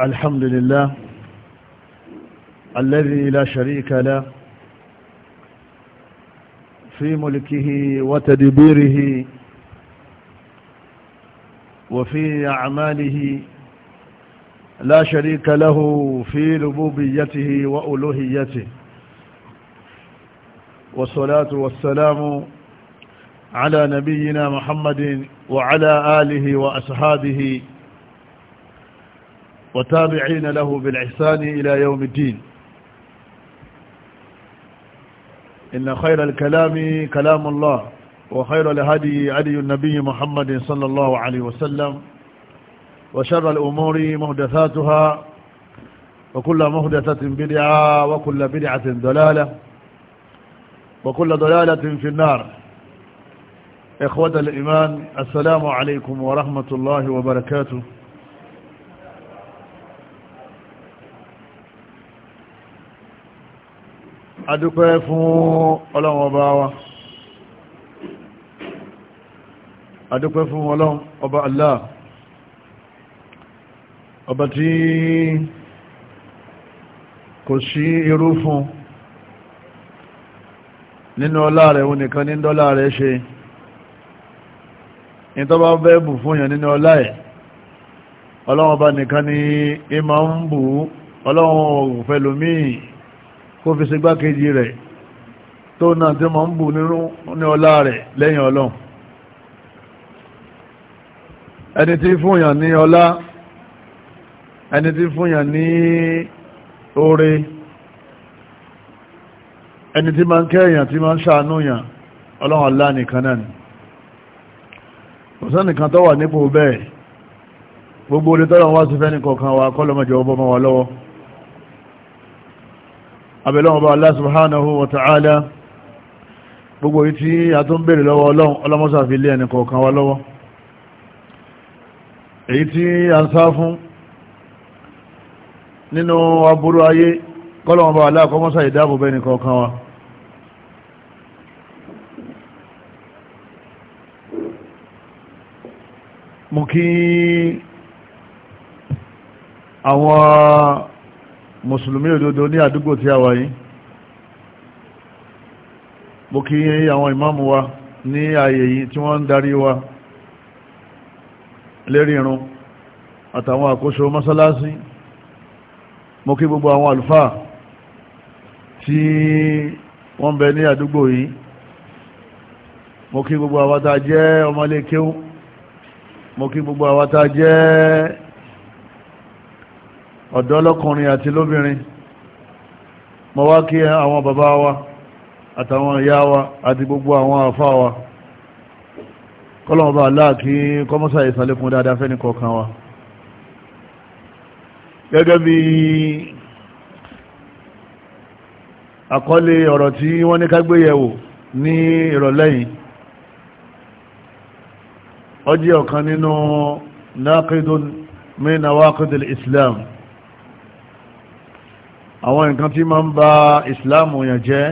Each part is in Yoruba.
الحمد لله الذي لا شريك له في ملكه وتدبيره وفي أعماله لا شريك له في ربوبيته وألوهيته والصلاة والسلام على نبينا محمد وعلى آله وأصحابه وعلى آله وتابعين له بالإحسان إلى يوم الدين إن خير الكلام كلام الله وخير الهدي هدي النبي محمد صلى الله عليه وسلم وشر الأمور مهدثاتها وكل مهدثة بدعة وكل بدعة ضلالة وكل ضلالة في النار إخوة الإيمان السلام عليكم ورحمة الله وبركاته adúpẹ́ fún ọlọ́run ọba wa adúpẹ́ fún ọlọ́run ọba Allah ọba tí kò sí irú fún nínú ọlá rẹ̀ òun nìkan ní dọ́lá rẹ̀ ṣe ìtọ́bá bẹ́ẹ̀bù fún yàn nínú ọlá ẹ̀ ọlọ́run ọba nìkan ní ìmọ̀ ń bù ọlọ́run òfẹ́lòmíì kó fi ṣe gbákejì rẹ̀ tó náà tí ma ń bù nínú ní ọlá rẹ̀ lẹ́yìn ọlọ́run ẹni tí fúnyàn ní ọlá ẹni tí fúnyàn ní oore ẹni tí ma ń kẹ́yàn tí ma ń ṣàánúyàn ọlọ́run ọlá nìkan náà ni òsánìkan tó wà nípò bẹ́ẹ̀ gbogbo olè sí fẹ́ nìkọ̀ọ̀kan wa kọ́lọ́mọjọ́ ọbọ̀ mọ́ wa lọ́wọ́ abẹ́lọ́wọ́ bá Allah subhanahu wa ta'ala gbogbo yìí tí a tó ń bèèrè lọ́wọ́ ọlọ́run ọlọ́mọ́sá fi lé ẹnì kọ̀ọ̀kan wa lọ́wọ́ èyí tí a ń sá fún nínú aburú ayé kọ́lọ́wọ́ bá Allah kọ́mọ́sá ìdáàbò bẹ́ẹ̀ni mú kí àwọn mùsùlùmí òdodo ní àdúgbò tí a wà yìí mo kí àwọn ìmáàmù wa ni ààyè yìí tí wọ́n ń darí wa lérí irun àtàwọn àkóso mọ́sálásí mo kí gbogbo àwọn àlùfáà tí wọ́n bẹ ní àdúgbò yìí mo kí gbogbo àwa tá jẹ́ ọmọlé mo kí gbogbo àwa tá ọ̀dọ́ ati àti lóbìnrin mo wá kí àwọn bàbá wa àtàwọn ìyá wa àti gbogbo àwọn àfá wa kọ́lọ̀mọ̀bá aláà kọmọ́sà ìsàlékún dáadáa fẹ́ni kọ̀ọ̀kan wa gẹ́gẹ́ bí àkọlé ọ̀rọ̀ tí wọ́n ní kágbéyẹ̀wò ní ìrọ̀lẹ́yìn ọjí ọ̀kan nínú islam àwọn nǹkan tí ma ń ba ìsìláàmù yàn jẹ́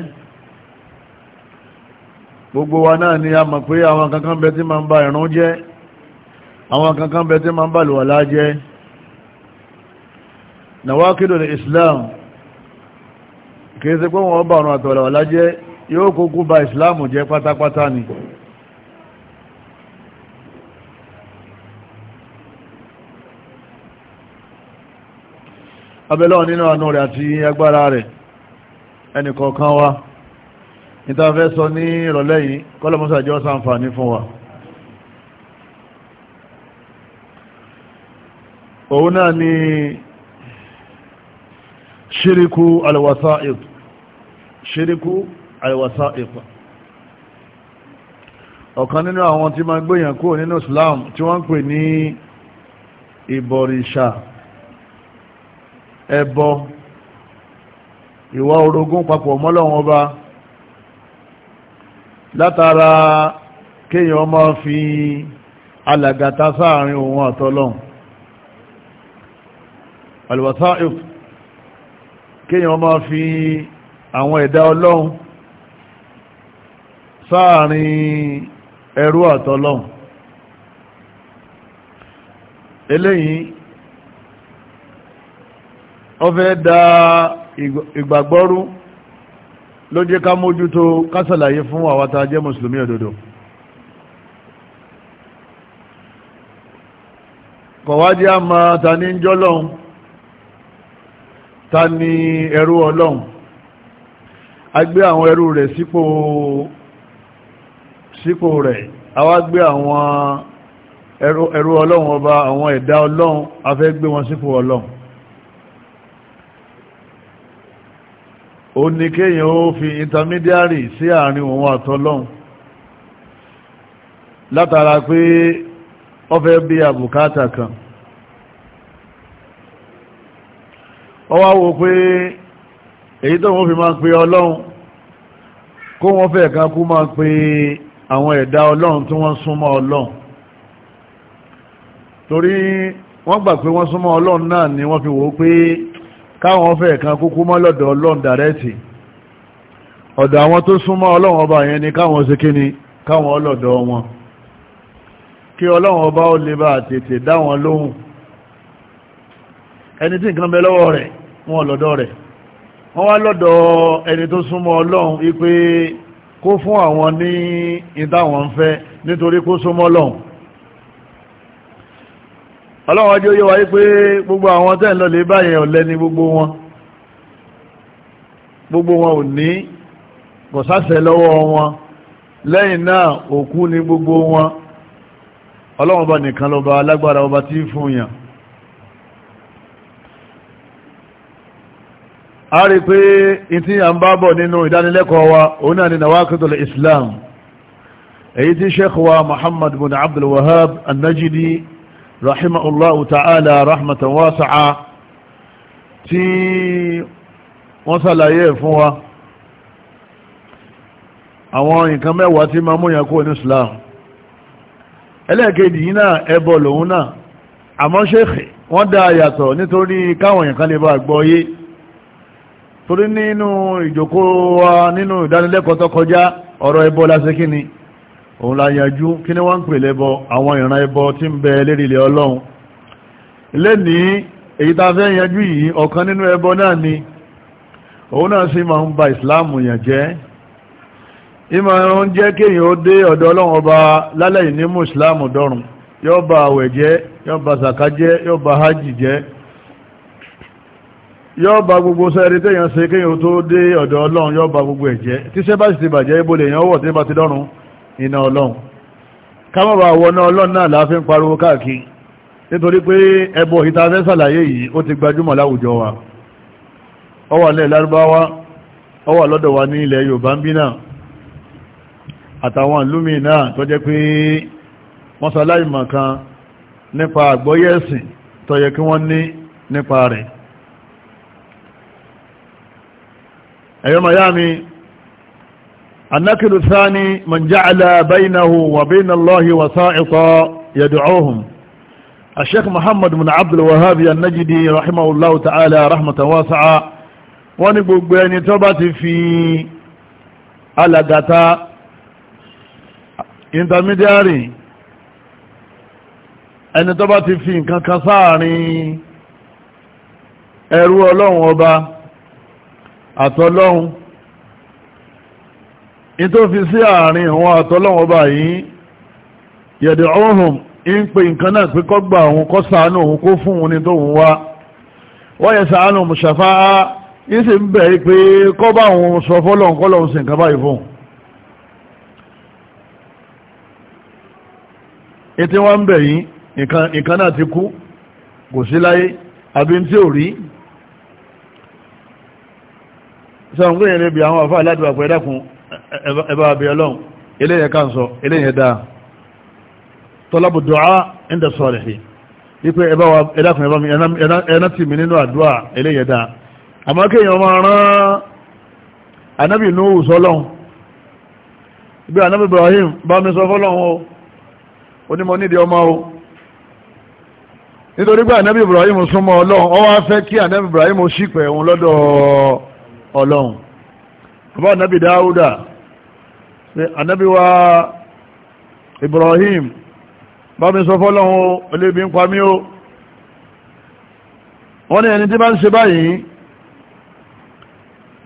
gbogbo wa náà ni a mọ̀ pé àwọn kankan bẹ tí ma ń ba ìrun jẹ́ àwọn kankan bẹ tí ma ń ba lùwàlá jẹ́ nàwákìdò ní islam kìí ṣe pé wọ́n bá ọ̀run àtọ̀lọ̀wàlá jẹ́ yóò kókó ba ìsìláàmù jẹ́ pátápátá ni abẹ́lọ́ nínú àánú rẹ̀ àti agbára rẹ̀ ẹnìkọ̀ọ̀kan wa nítafẹ́ sọ ní ìrọ̀lẹ́ yìí kọ́lọ̀mọ́sàjọ́ ṣàǹfààní fún wa òun náà ni ṣíríkú alwasa'ib ṣíríkú alwasa'ib ọ̀kan nínú àwọn tí ma gbéyàn kúrò nínú Islam tí wọ́n ń pè ní ìbọ̀rìṣà ẹbọ ìwà orogún papọ̀ mọ́lọ́wọ́n ọba látara kéèyàn ọmọ fi alàgàta sáàrin òun àtọ́lọ́hun alwasa'if kéèyàn ọmọ fi àwọn ẹ̀dá ọlọ́hun sáàrin ẹrú àtọ́lọ́hun Eléyìn, ó fẹ́ da ìgbàgbọ́rú ló jẹ́ ká mójútó kásàlàyé fún àwátá jẹ́ mùsùlùmí òdodo kọ̀wádìí a máa ta ní jọ́lọ́un ta ní ẹrú ọlọ́un a gbé àwọn ẹrú rẹ̀ sípò sípò rẹ̀ a wá gbé àwọn ẹrú ọlọ́un ọba àwọn ẹ̀dá ọlọ́un a fẹ́ gbé wọn sípò ọlọ́un ó ní kéèyàn ó fi intermediary sí àárín òun àtọ́lọ́hun látara pé ó fẹ́ bí àbùkátà kan ó wá wo pé èyí tó wọ́n fi máa pe ọlọ́hun kó wọ́n fẹ́ kan kú máa pe àwọn ẹ̀dá ọlọ́hun tí wọ́n súnmọ́ ọlọ́hun torí wọ́n gbà pé wọ́n súnmọ́ ọlọ́hun náà ni wọ́n fi wò pé káwọn ọfẹ́ kan kúkú mọ́ lọ́dọ̀ ọlọ́run dàrẹ́tì ọ̀dọ̀ àwọn tó súnmọ́ ọlọ́run ọba yẹn ni káwọn ṣe kí ni káwọn ọlọ́dọ̀ wọn kí ọlọ́run ọba ó lè bá tètè dá wọn lóhùn ẹni tí nǹkan bẹ lọ́wọ́ rẹ̀ wọn lọ́dọ̀ rẹ̀ wọ́n wá lọ́dọ̀ ẹni tó súnmọ́ ọlọ́run wípé kó fún àwọn ní ìdáwọn fẹ́ nítorí kó súnmọ́ ọlọ́run ọlọ́wọ́n jẹ́ yíwa yí pé gbogbo àwọn tẹ́ ń lọ lè báyẹ̀ ọ̀lẹ́ ní gbogbo wọn gbogbo wọn ò ní kò sáṣẹ lọ́wọ́ wọn lẹ́yìn náà òkú ní gbogbo wọn ọlọ́wọ́n bá nìkan lọ́ba alágbára ọba tí fún yàn a rí pé ìtí à ń bábọ̀ nínú ìdánilẹ́kọ̀ọ́ wa òun náà ni nawakitul islam èyí tí sheikh wa muhammad bin abdul wahab an-najidi rahimahullahu ta'ala rahmatan wasi'a tí wọ́n sàlàyé fún wa àwọn nǹkan mẹ́wàá tí ma mú yàn kó ní islam ẹlẹ́ẹ̀kejì yìí náà ẹbọ lòun náà àmọ́ ṣéèkì wọ́n dá yàtọ̀ nítorí káwọn èèyàn kan lè bá gbọ́yé torí nínú ìjòkó wa nínú ìdánilẹ́kọ̀ọ́ tó kọjá ọ̀rọ̀ ẹbọ lásìkíní òun la yanjú kí ní wọ́n ń pè lẹ́bọ àwọn ìran ẹbọ tí ń bẹ lérílẹ̀ ọlọ́run lẹ́ni èyí tá fẹ́ yanjú yìí ọ̀kan nínú ẹbọ náà ni òun náà sì ma ń ba ìsìláàmù yàn jẹ́ ìmọ̀ràn jẹ́ kéèyàn ó dé ọ̀dọ̀ ọlọ́run ọba lálẹ́ ìní jẹ́ jẹ́ gbogbo sẹ́rí téèyàn iná ọlọ́run kámọ́bà wọná ọlọ́run náà láàfin pariwo káàkiri nítorí pé ẹbọ ìtafẹ́ sàlàyé yìí ó ti gbajúmọ̀ láwùjọ wa ó wà lẹ́ lárúbáwá Ọ wà lọ́dọ̀ wa ní ilẹ̀ yorùbá ń bí náà àtàwọn ìlú míì náà tó jẹ́ pé wọ́n sàlàyé mọ̀kan nípa àgbọ́yé ẹ̀sìn tó yẹ kí wọ́n ní nípa rẹ̀ النكر الثاني من جعل بينه وبين الله وسائطا يدعوهم الشيخ محمد بن عبد الوهاب النجدي رحمه الله تعالى رحمة واسعة wọ́n ní gbogbo ẹni tó bá ti fi alàgàtà intermediary ẹni tó bá ti fi nǹkan kan sáàrin ẹrú ọlọ́run ọba àtọlọ́run in tó fi sí àárín àwọn àtọ́lọ́wọ́ báyìí yẹ̀dẹ̀ ọ̀hún in pe nǹkan náà pé kọ́ gbà òun kọ́ sàánù òun kó fún òun ní tó òun wá wọ́n yẹ sàánù mùsàfá in sì ń bẹ̀ pé kọ́ òun sọ fọ́lọ́hun kọ́lọ́hun àwọn àfáà láti wà ẹbá abẹ́ ọlọ́run eléyẹ ká ń sọ eléyẹ dáa tọ́lábù dọ́á ẹ̀ndẹ̀ sọ̀rẹ̀ hì wípé ẹbá wa ẹdákùn ẹbá mi ẹná tì mí nínú àdúrà eléyẹ dáa àmọ́ kéèyàn máa rán anábì Nuhu sọ́lọ́run bí anábì Ibrahim sọ fọ́lọ́run o onímọ̀ nítorí pé anábì Ibrahim súnmọ́ ọlọ́run ó fẹ́ kí anábì Ibrahim ṣìpẹ̀ òun lọ́dọ̀ ọlọ́run bàbá ànábì dáúdà ànábì wa Ibrahim bá mi sọ fọ́lọ́hun olébi ń pamí ó wọ́n ni ẹni tí bá ń ṣe báyìí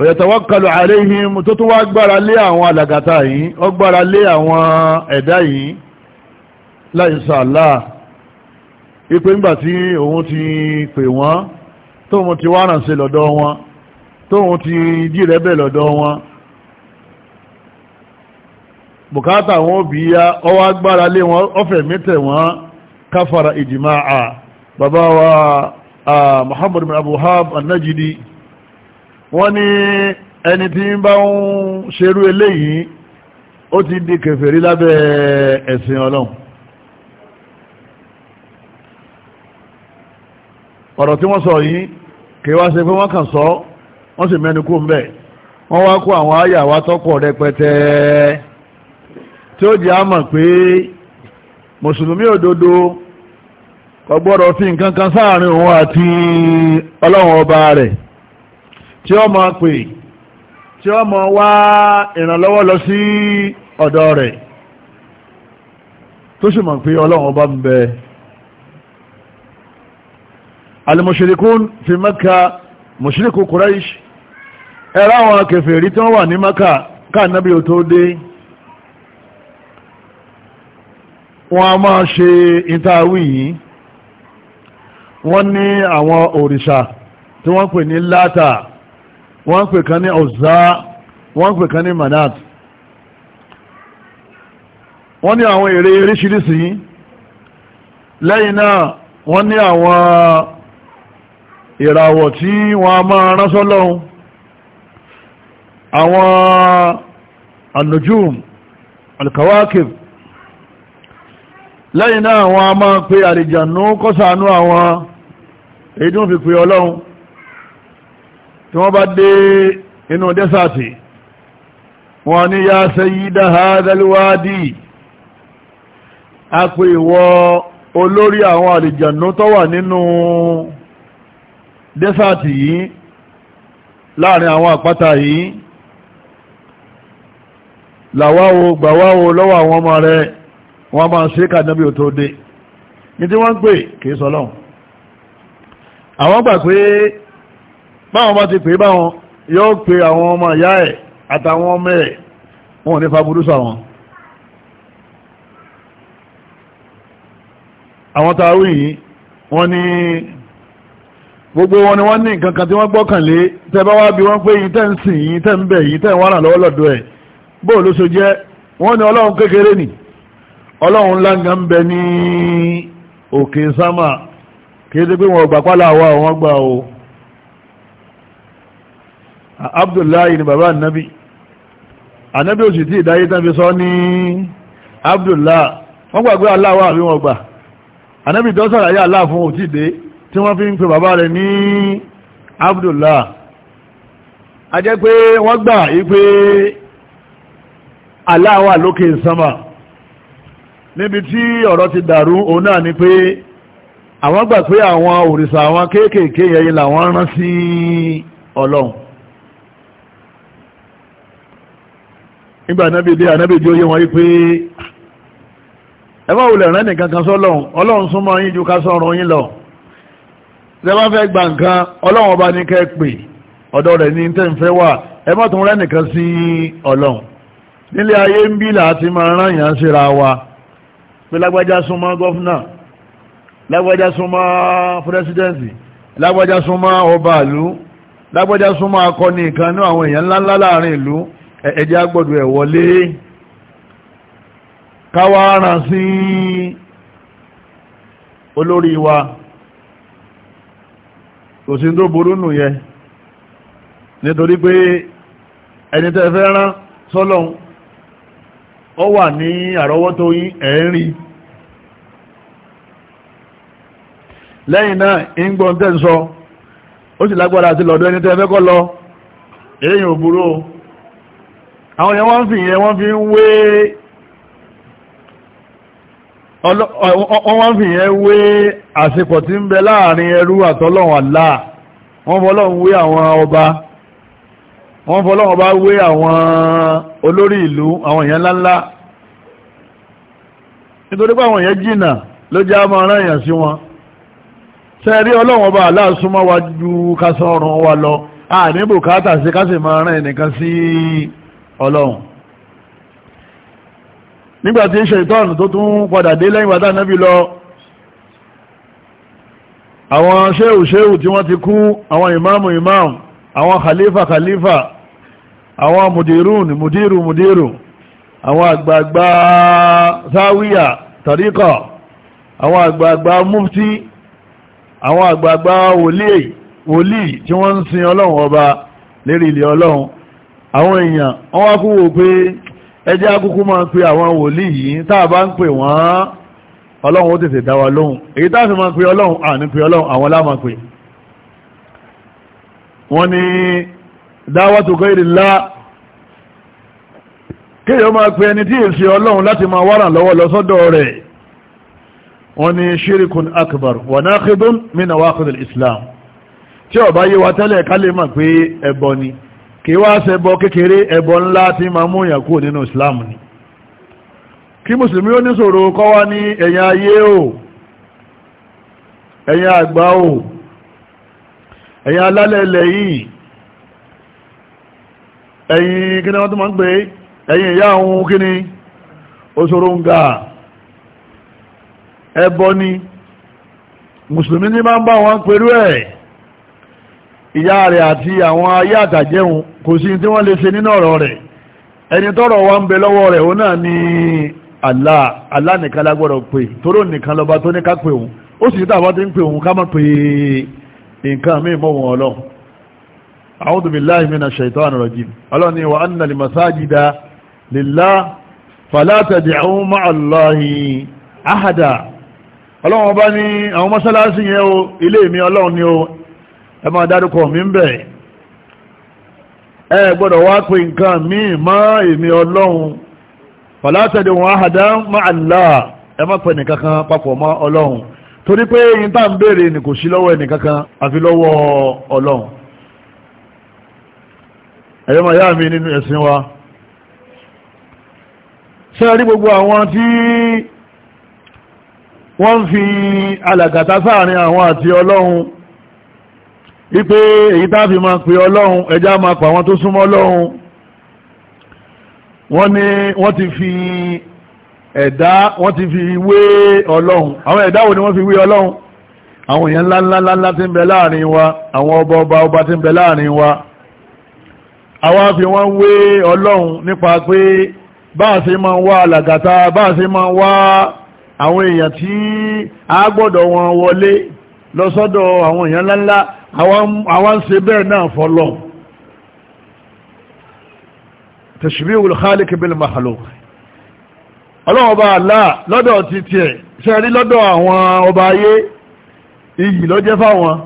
òyẹ̀tọ̀wọ́kàlù àríhìn tó tún wá gbára lé àwọn alàgàtà yìí ó gbára lé àwọn ẹ̀dá yìí láìsàlá ipé tí òun ti pè wọ́n tóun ti wá sí lọ́dọ̀ wọn tóun ti dí rẹ bẹ̀ lọ́dọ̀ wọn bùkátà wọn bí ya ọwọ́ agbára lé wọn ọfẹ̀ mítẹ̀ wọn káfàrà ìjìmá à bàbá wa Muhammad bin Abu Wahab an-Najdi wọ́n ní ẹni tí ń bá ń ṣerú eléyìí ó ti di kèfèrí lábẹ́ ẹ̀sìn ọlọ́run ọ̀rọ̀ tí wọ́n sọ yìí kí wá ṣe pé wọ́n kàn sọ ọ́ wọ́n sì mẹ́nu kó ń bẹ̀ wọ́n wá kó àwọn àyà wa tọ́pọ̀ rẹpẹtẹ tí ó jẹ́ àmọ̀ pé mùsùlùmí òdodo kò gbọ́dọ̀ fi nǹkan kan sáàrin òun àti ọlọ́run ọba rẹ̀ tí ó máa pè tí ó máa wá ìrànlọ́wọ́ lọ sí ọ̀dọ̀ rẹ̀ tó sì mọ̀ pé ọlọ́run ọba ń bẹ al-mushrikun fi Mẹ́kà mushriku Quraysh ẹ̀rọ àwọn kèfèrí tí wọ́n wà ní maka káànábí ò tó dé wọ́n a máa ṣe ìtawí yìí wọ́n ní àwọn òrìṣà tí wọ́n pè ní láta wọ́n pè kan ní ọ̀zá wọ́n pè kan ní manat wọ́n ní àwọn ère eréṣiríṣi lẹ́yìn náà wọ́n ní àwọn ìràwọ̀ tí wọ́n a máa ránṣọ́ lọ́hun àwọn anujum alkawakib lẹ́yìn náà àwọn a máa pe àrìjànú kọ́sànú àwọn èyí tí wọ́n fi pe ọlọ́run tí wọ́n bá dé inú dẹ́sàtì wọ́n ní ya sayyida hadhal wadi a pe ìwọ olórí àwọn àrìjànú tó wà nínú dẹ́sàtì yìí láàrin àwọn àpáta yìí làwáwo gbàwáwo lọ́wọ́ àwọn ọmọ rẹ̀ wọ́n máa ṣe kànábí ò tó dé ní tí wọ́n ń pè kìí sọ́lọ́hun àwọn gbà pé báwọn bá ti pè báwọn yóò pè àwọn ọmọ ìyá ẹ̀ àtàwọn ọmọ ẹ̀ wọn ní faburú sáwọn àwọn tààwí yìí wọ́n ní gbogbo wọn ni wọ́n ní nǹkan kan tí wọ́n gbọ́kànlé tẹ́ bá wá bí wọ́n pé yìí tẹ́ ń sìn yìí tẹ́ ń bẹ̀ yìí tẹ́ ń wárà lọ́wọ́lọ́dọ̀ ẹ̀ bóò ló so jẹ́ wọ́n ní ọlọ́run kékeré ni ọlọ́run láǹgá ń bẹ ní òkè sámà kéde pé wọn gbà pálá wa wọn gbà o abdullahi ni bàbá ànábì ànábì òsì tí ìdáyé tán fi sọ ní abdullahi wọ́n gbàgbé aláwọ̀ àbí wọn gbà ànábì tó sàlàyé aláàfún òtí dé tí wọ́n fi ń pè bàbá rẹ̀ ní abdullahi a jẹ́ pé wọ́n gbà yí pé Allah wà lókè sánmà níbi tí ọ̀rọ̀ ti dàrú òun náà ni pé àwọn gbà pé àwọn òrìṣà àwọn kéékèèké yẹn làwọn rán sí ọlọ́run nígbà anábì dé anábì dé oyé wọn yí pé ẹ bá wulẹ̀ rẹ́ nìkan kan sọ́lọ́run ọlọ́run súnmọ́ yín ju ká sọ́run yín lọ tẹ fẹ́ gba nǹkan ọlọ́run ọba ní kẹ́ pè ọ̀dọ̀ rẹ̀ ní tẹ́ ń fẹ́ wà ẹ má tún rẹ́ sí ọlọ́run nílé ayé ń bí láti máa ráyàn síra wa pé lágbájá súnmọ́ gọ́fúnà lágbájá súnmọ́ pírẹsidẹ́ǹtì lágbájá súnmọ́ ọba ìlú lágbájá súnmọ́ akọni kan ní àwọn èèyàn ńláńlá láàrin ìlú ẹ̀ẹ́dẹ́ agbọ́dọ̀ ẹ̀ wọlé káwá sí wa kò sí tó burú nù yẹ nítorí pé ẹni tẹ́ fẹ́ ọ wà ní tó yín ẹ̀ẹ́rí lẹ́yìn náà ingbọn tẹ́ ń sọ ó sì lágbàrá àti lọ́dọ̀ ẹni tẹ́ lọ èyìn òbúrò àwọn èèyàn wọ́n fi ìyẹn wọ́n fi ń wé wọ́n fi ìyẹn wé àsìkò tí ń bẹ láàrin ẹrú àtọ́lọ́wọ̀n láà wọ́n fọ́lọ́wọ́n àwọn ọba wọ́n fọ́lọ́wọ́ bá wé àwọn olórí ìlú àwọn èèyàn ńláńlá nítorí pé àwọn èèyàn jìnà ló jẹ́ àmọ́ ọ̀rán èèyàn sí wọn sẹ́rí ọlọ́wọ́n bá aláàsúnmọ́ wa ju kásán ọ̀run wa lọ àní bùkátà sí kásì máa rán ẹnìkan sí ọlọ́run nígbàtí ṣètọ́nù tó tún padà dé lẹ́yìn wádà náà lọ àwọn ṣéhù ṣéhù tí wọ́n ti kú àwọn ìmáàmù ìmáàmù àwọn khalifa khalifa àwọn mùdírùn mùdírù mùdírù àwọn àgbààgbà záwíyà tàríkọ̀ àwọn àgbààgbà mufti àwọn àgbààgbà wòlíì tí wọ́n ń sin ọlọ́run ọba lérí ilẹ̀ ọlọ́run àwọn èèyàn wọ́n wá kúrò pé ẹjẹ́ akúkú máa ń pe àwọn wòlíì yìí tá a bá ń pè wọ́n ọlọ́run ó tètè dá wa èyí tá fi máa pe ọlọ́run àní pe ọlọ́run àwọn lá pè wọ́n ní dáwàtò gairillah kéèyàn máa pe ẹni tí èsì ọlọ́run láti máa wárà lọ́wọ́ lọ́sọ́dọ̀ rẹ̀ wọ́n ní shirikun akbar wa naqidun min nawaqid al-islam tí ó bá yé wa tẹ́lẹ̀ ká lè mọ̀ pé ẹbọ ni kí wá ṣẹbọ kékeré ẹbọ ńlá tí máa mú yàn nínú islam ni kí mùsùlùmí ó níṣòro kọ́ wá ní ẹ̀yìn ayé o ẹ̀yìn àgbà o ẹ̀yìn alálẹ̀ ilẹ̀ ẹ̀yìn kíní wọ́n tó máa ń pè ẹ̀yìn ìyá àwọn kíní òṣòròǹgà ẹbọ ni mùsùlùmí ní máa ń bá wọn pẹ̀lú ẹ̀ ìyá rẹ̀ àti àwọn ayé àtàjẹun kò sí tí wọ́n lè ṣe nínú ọ̀rọ̀ rẹ̀ ẹni tọ́rọ̀ wa ń bẹ lọ́wọ́ rẹ̀ òun náà ni Allah nìkan lágbọ́dọ̀ pè nìkan ó sì ń pè òun ká nǹkan a'udhu billahi minash shaitanir rajim ọlọ́ni wa anna masajida Lilla, fala tad'u ahada ọlọ́run bá ní àwọn mọ́sálásí yẹn o ilé mi ọlọ́run ẹ máa dárúkọ mi ẹ gbọ́dọ̀ wá pé ma mi má èmi ọlọ́run ahada ma'a ẹ má ẹ̀yọ́ máa yá mi nínú ẹ̀sìn wa ṣe rí gbogbo àwọn tí wọ́n ń fi alàgàtà sáàrin àwọn àti ọlọ́run wípé èyí tá fi máa pè ọlọ́run ẹjá máa pa àwọn tó súnmọ́ ọlọ́run wọ́n ní wọ́n ti fi ẹ̀dá wọ́n ti fi wé ọlọ́run àwọn ẹ̀dá wo ni wọ́n fi wé ọlọ́run àwọn èèyàn ńláńláńlá tí ń bẹ láàrin wa àwọn ọba ọba ọba tí ń bẹ láàrin wa àwa fi wọ́n wé ọlọ́run nípa pé báàsí ma ń wá alàgàtà báàsí ma ń wá àwọn èèyàn tí a gbọ́dọ̀ wọn wọlé lọ́sọ́dọ̀ àwọn èèyàn ńláńlá àwa ń ṣe bẹ́ẹ̀ náà fọ́lọ̀ tashbihul khaliq bil makhluq ọlọ́run ọba àlá lọ́dọ̀ ti tiẹ̀ ṣe rí lọ́dọ̀ àwọn ọba ayé iyì lọ́jẹ́ fáwọn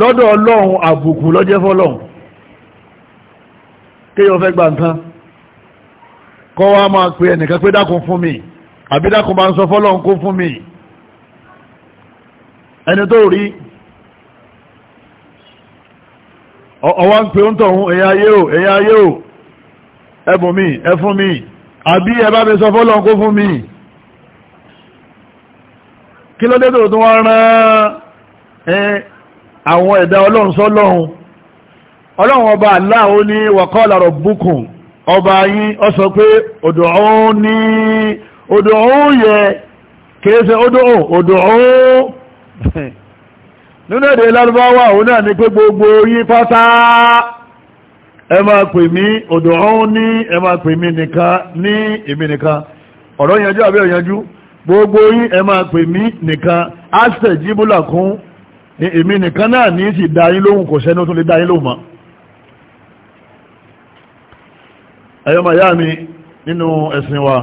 lọ́dọ̀ kéyàn fẹ́ gbà nǹkan kọ́ wá máa pe ẹnìkan pé dákun fún mi àbí dákun bá ń sọ fọ́lọ́n kó fún mi ẹni tó rí ọwá ń pe ń tọ̀hún ẹ̀yà ayé o ẹ̀yà ayé o ẹbùn mi ẹ mi àbí ẹ mi sọ fọ́lọ́n kó fún mi kí ló dé tó tún wá rán àwọn ẹ̀dá ọlọ́run sọ́lọ́run ọlọ́run ọba Allah ó ní wa qala rabbukum ọba yín ọ sọ pé odò ó ní odò ó yẹ kèése odò ó odò ó nínú èdè lárúbáwá òun náà ni pé gbogbo yín pátá ẹ pè mí odò ó ní ẹ máa pè mí nìkan ní èmi nìkan ọ̀rọ̀ yanjú àbí ọ̀yanjú gbogbo yín ẹ máa pè mí nìkan áṣẹ̀ jíbúlà kún èmi nìkan náà ní sì dá yín kò sẹ́ni ó tún lè dá yín mọ́ ẹ̀yọ́mà yá mi nínú ẹ̀sìn wa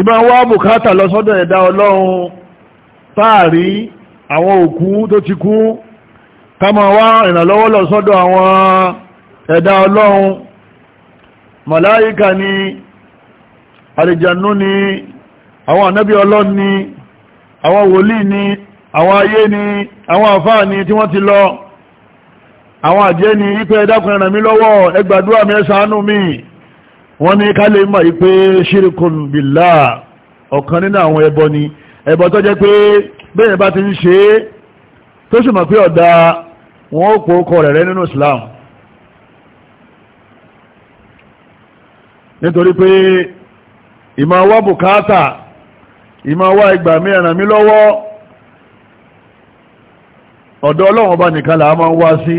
ìbá wá bùkátà lọ sọ́dọ̀ ẹ̀dá ọlọ́run táàrí àwọn òkú tó ti kú ká máa wá ìrànlọ́wọ́ lọ sọ́dọ̀ àwọn ẹ̀dá ọlọ́run màláíkà ni àlìjànú ni àwọn ànábí ọlọ́run ni àwọn wòlíì ni àwọn ayé ni àwọn àfáà ni tí wọ́n ti lọ àwọn àjẹ́ ni ipẹ́ ẹ̀dàkùn ẹ̀ràn mi lọ́wọ́ ẹgbàdúrà mi ẹ̀sánú mi wọ́n ní ká lè mọ̀ ipé ṣírìkùn bìlá ọ̀kan nínú àwọn ẹbọ ni ẹbọ tó jẹ́ pé bẹ́ẹ̀ bá ti ń ṣe é tó sì mọ̀ pé ọ̀dà wọn ó pò kọ rẹ̀ rẹ̀ nínú Islam nítorí pé ìmọ̀ wá bùkátà ìmọ̀ wá ẹgbà mi ẹ̀ràn mi lọ́wọ́ ọ̀dọ̀ Ọlọ́run ọba nìkan làá máa ń wá sí.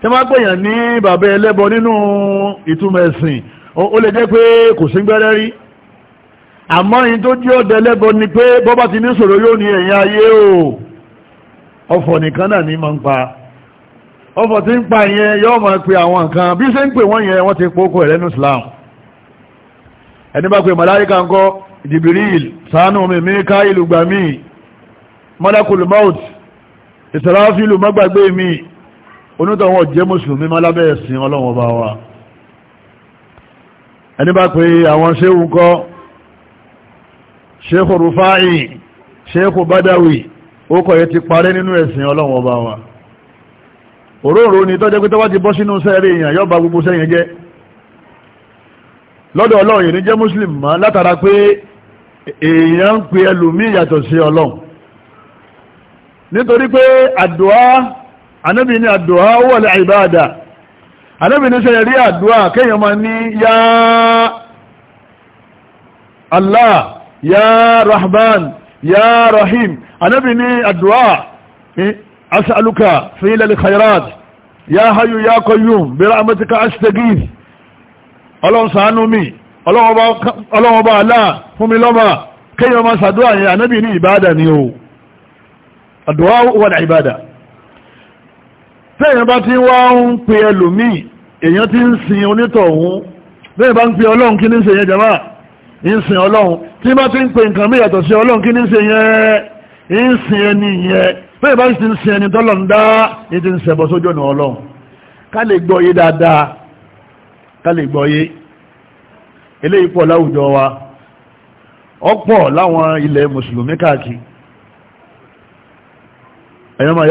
tí wọ́n pèèyàn ní bàbá ẹlẹ́bọ nínú ìtumọ̀ ẹ̀sìn ó lè jẹ́ pé kò sí gbẹ́rẹ́ rí àmọ́ yìí tó jẹ́ ọ̀dẹ ẹlẹ́bọ ni pé bọ́bá ti ní sọ̀rọ̀ yóò ní ẹ̀yìn ayé o ọ̀fọ̀ nìkan náà ní máa ń pa ọ̀fọ̀ tí ń pa yẹn yọ́ máa pe àwọn nǹkan bí ṣe ń pè wọ́n yẹn wọ́n ti pókó ẹ̀rẹ́ mi mi ká ìlú mi onítọ̀wọ̀ jẹ́ mùsùlùmí má lábẹ́ ẹ̀sìn ọlọ́wọ̀n bá wa ẹni bá pé àwọn ṣéhù kọ́ ṣéhù rufáì ṣéhù bádáwì ó kọ̀ yẹ ti parẹ́ nínú ẹ̀sìn ọlọ́wọ̀n bá wa òróòrò ni tọ́jẹ́ pé tọ́wọ́ ti bọ́ sínú sẹ́ẹ̀rẹ̀ èèyàn yọ́ ba gbogbo sẹ́yìn jẹ́ lọ́dọ̀ ọlọ́run yìí ní jẹ́ muslim ma látara pé èèyàn ń pe ẹlòmí yàtọ̀ sí ọlọ́run nítorí pé àdúà anábì ní àdúà wal ìbádà anábì ní sẹ́yẹ̀rí àdúà kéèyàn máa ní yá Allah yá Rahman yá Rahim anábì ní àdúà as'aluka fílẹ̀ khairat yá hayu yá qayyum bi rahmatika astaghith ọlọ́run ṣàánú mi ọlọ́run tẹ́yìn bá ti wá ń pe ẹlòmíì èyàn ti ń sin onítọ̀hún bẹ́ẹ̀ bá ń pe ọlọ́run kí ní ṣe yẹn jàmáà ń sin ọlọ́run tí bá ti ń pe nǹkan míì sí ọlọ́run kí ní ṣe yẹn ń ẹni yẹn bẹ́ẹ̀ wa ọ̀pọ̀ láwọn ilẹ̀ mùsùlùmí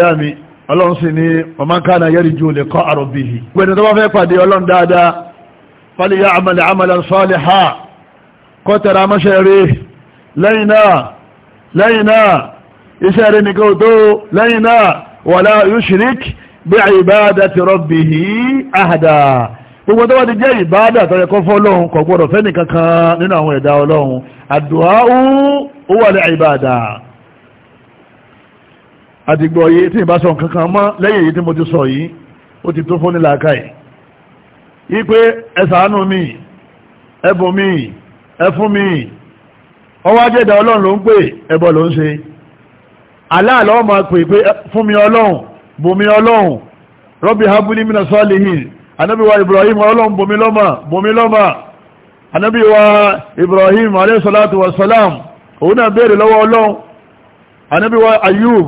yá mi ọlọ́run sì ni ọmọ kánà yẹ́rì ju lè kọ́ àròbì yìí pẹ̀lú tó bá fẹ́ pàdé ọlọ́run dáadáa fàlìyà àmàlẹ̀ àmàlẹ̀ sọ́ọ̀lẹ̀ ha kọ́ tẹ̀rẹ amáṣẹ́ rí lẹ́yìn náà lẹ́yìn náà iṣẹ́ rí nìkan tó lẹ́yìn náà wà ní àdìgbò yìí tí ìbá sọ nǹkan kan mọ́ lẹ́yìn èyí tí mo ti sọ yìí ó ti tó fún ní làákàyè yìí pé ẹ mi ẹ mi ẹ mi ọwọ́ ajẹ́dà ọlọ́run ló ń pè ẹbọ ló ń ṣe aláàlọ́ ọmọ pè pé fún mi ọlọ́run bùn mi ọlọ́run rọ́bì habuli mina salihin anábì wa Ibrahim ọlọ́run bùn mi lọ́mọ bùn mi Ibrahim alayhi salatu wa salam òun náà béèrè lọ́wọ́ ọlọ́run anábì Ayub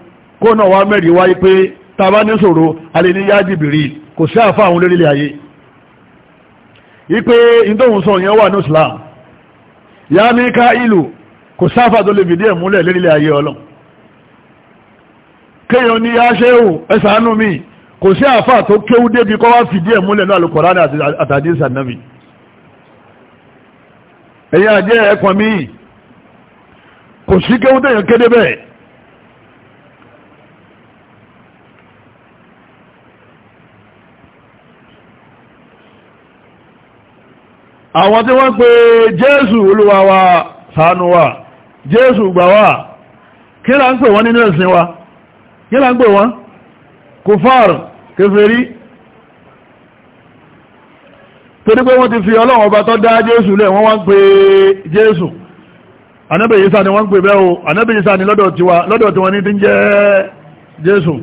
kó náà wá mẹ́rin wáyé pé tàbá ní sòro alẹ́ ní kò sí àfá àwọn olórílẹ̀ ayé ipe ìdóhùn sọ yẹn wà ní Islam yá ní ká ìlú kò sáfà tó lè fìdí ẹ̀ múlẹ̀ ayé ọlọ́ kéèyàn ní yá ṣéhù ẹsàánú mi kò sí àfá tó kéwú débi kọ́ wá fìdí ẹ̀ múlẹ̀ náà al sànàmì ẹ̀yà jẹ́ ẹ̀kọ́ mi kò sí kéwú déyàn kéde bẹ́ẹ̀ àwọn tí wọ́n pè jésù olúwa wa ṣàánú wa jésù gbà wá kí là ń pè wọ́n nínú ẹ̀sìn wa kí là ń pè wọ́n kùfàr kèfèrí torí pé wọ́n ti fi ọlọ́run ọba tó dá jésù lẹ̀ wọ́n wá ń pè jésù anábẹ̀yísà ni wọ́n ń pè bẹ́ẹ̀ o anábẹ̀yísà ni lọ́dọ̀ tiwa lọ́dọ̀ tiwọn ní ti ń jẹ́ jésù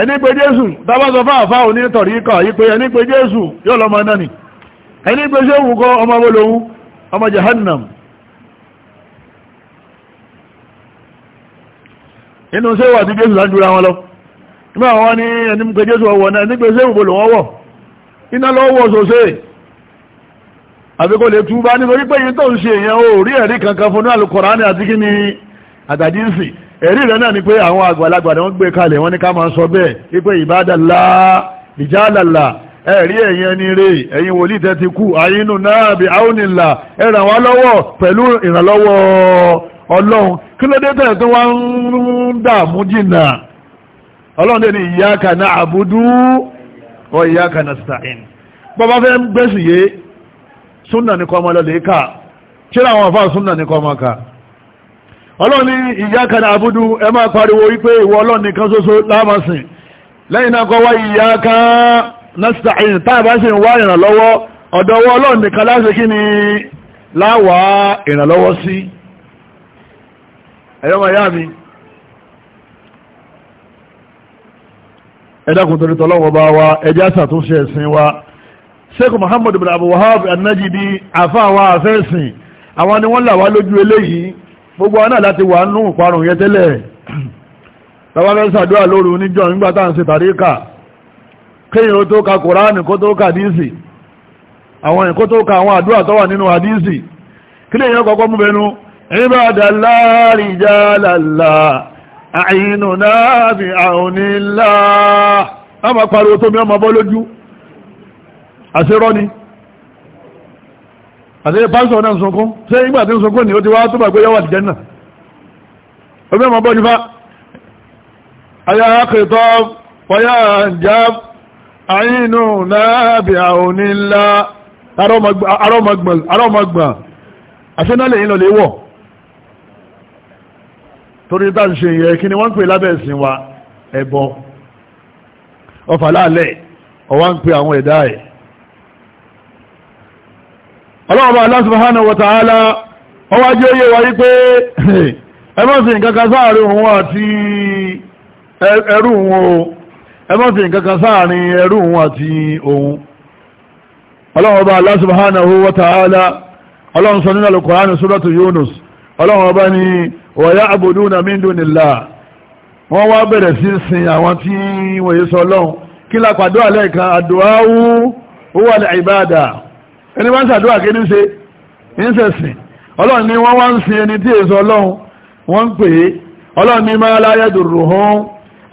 ẹni pé jésù tábàtọ̀ fáàfá òní tọ̀rí kọ̀ yí pé ẹni pé jésù yóò lọ máa náni ẹni pé ṣéwù kọ ọmọ olówó ọmọ jahannam inú ṣéwù àti jésù lájúra wọn lọ nígbà wọn ní ẹni pé jésù ọwọ́ náà ẹni pé ṣéwù bò lòwọ́ wọ̀ lọ́wọ́ ni àtàdínsì ẹ̀rí rẹ̀ náà ni pé àwọn àgbàlagbà wọ́n gbé kalẹ̀ wọ́n ni ká máa sọ bẹ́ẹ̀ wípé ìbádàlá ìjálàlà ẹ̀rí ẹ̀yin ẹni rẹ̀ ẹ̀yin wòlíì tẹ́ ti kú àyínú náà bí áúnìlà ẹ wá lọ́wọ́ pẹ̀lú ìrànlọ́wọ́ ọlọ́run kí ló dé wá ń dààmú ọlọ́run dé ní bọ́bá fẹ́ gbẹ̀sì yé súnà ní lọ́lẹ́ ọlọ́ni iyyaka na'budu ẹ máa pariwo wípé ìwọ ọlọ́run nìkan ṣoṣo láàmàsìn lẹ́yìn náà kọ́ wá iyyaka nasta'in táàbá sì ń wá ìrànlọ́wọ́ ọ̀dọ̀wọ́ ọlọ́run nìkan láṣẹ kí ni láwà ìrànlọ́wọ́ sí ẹ̀yọ́ máa yá mi ẹ̀dàkùn torí tọ́lọ́wọ́ bá wa ẹjá ṣàtúnṣe ẹ̀sìn wa sheikh muhammad bin abu wahab an-najdi wa àfẹ́sìn àwọn ni wọ́n là lójú eléyìí gbogbo ọ̀nà láti wà nú ìparun yẹn tẹ́lẹ̀ tàbá lóru níjọ nígbàtà ń tàríkà tó ka kòránì kó tó ka àwọn ìkó tó ka àwọn àdúrà tó nínú àdíìsì kí lèyàn kọ́kọ́ mú àti pásítọ̀ náà sunkún ṣé ìgbà tí ń sunkún ni ó ti wá tó bàgbé yọ́wà ti jẹ́nà ọgbẹ́ ọmọ bọ́ nífà ayá kẹtọ́ wáyá jà àyínú láàbì àwọn ńlá arọ́mọgbọ̀n àṣẹ́nálẹ̀ yìí lọ lè wọ̀ torí tá ń ṣe yẹ kí ni wọ́n ń pè lábẹ́ ẹ̀sìn wa ẹbọ ọfà láàlẹ̀ ọwá ń pè àwọn ẹ̀dá ẹ̀ ọlọ́ọ̀bá Allah subhanahu wa ta'ala ọwá jẹ́ oyé wáyé pé ẹmọ́sìn kankan sáàrin òun àti ẹrú òun o ẹmọ́sìn kankan sáàrin ẹrú òun àti òun ọlọ́ọ̀bá Allah subhanahu wa ta'ala ọlọ́run sọ nínú Al-Qur'an suratu Yunus ọlọ́run ọba ni wa ya'buduna ó wà ní ìbáàdà ẹni wọ́n ń ṣàdúrà kí ní ṣe ń ṣẹ̀sìn ọlọ́run ni wọ́n wá ń sin ẹni tí èso ọlọ́run wọ́n ń pè é ọlọ́run ni máa láyé dòrò hàn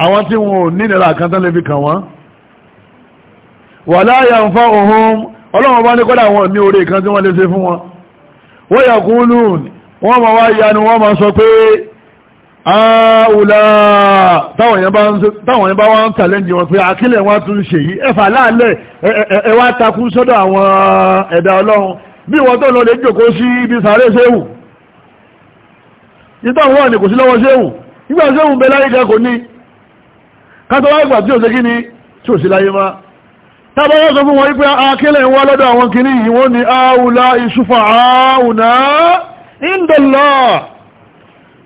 àwọn tí wọn ò nínira kan tán lè fi kàn wọ́n wà láyà ń fa òhun ọlọ́run bá ní kọ́dà wọn ní oore kan tí wọ́n lè ṣe fún wọn wọ́n yà kúlù wọ́n máa wá yanu wọ́n máa sọ pé àwùlà táwọn yẹn bá wá ń tàlẹ́ǹdì wọn pé àkílẹ̀ wọn tún ṣe yìí ẹfà láàlẹ̀ ẹwà takú sọ́dọ̀ àwọn ẹ̀dà ọlọ́run bí wọ́n tó lọ lè jòkó sí ibi sàárè séhù ìtàwọn wọ́n ní kò sí lọ́wọ́ séhù nígbà séhù bẹ láyé kan kò ní kátọ́wá ìgbà tí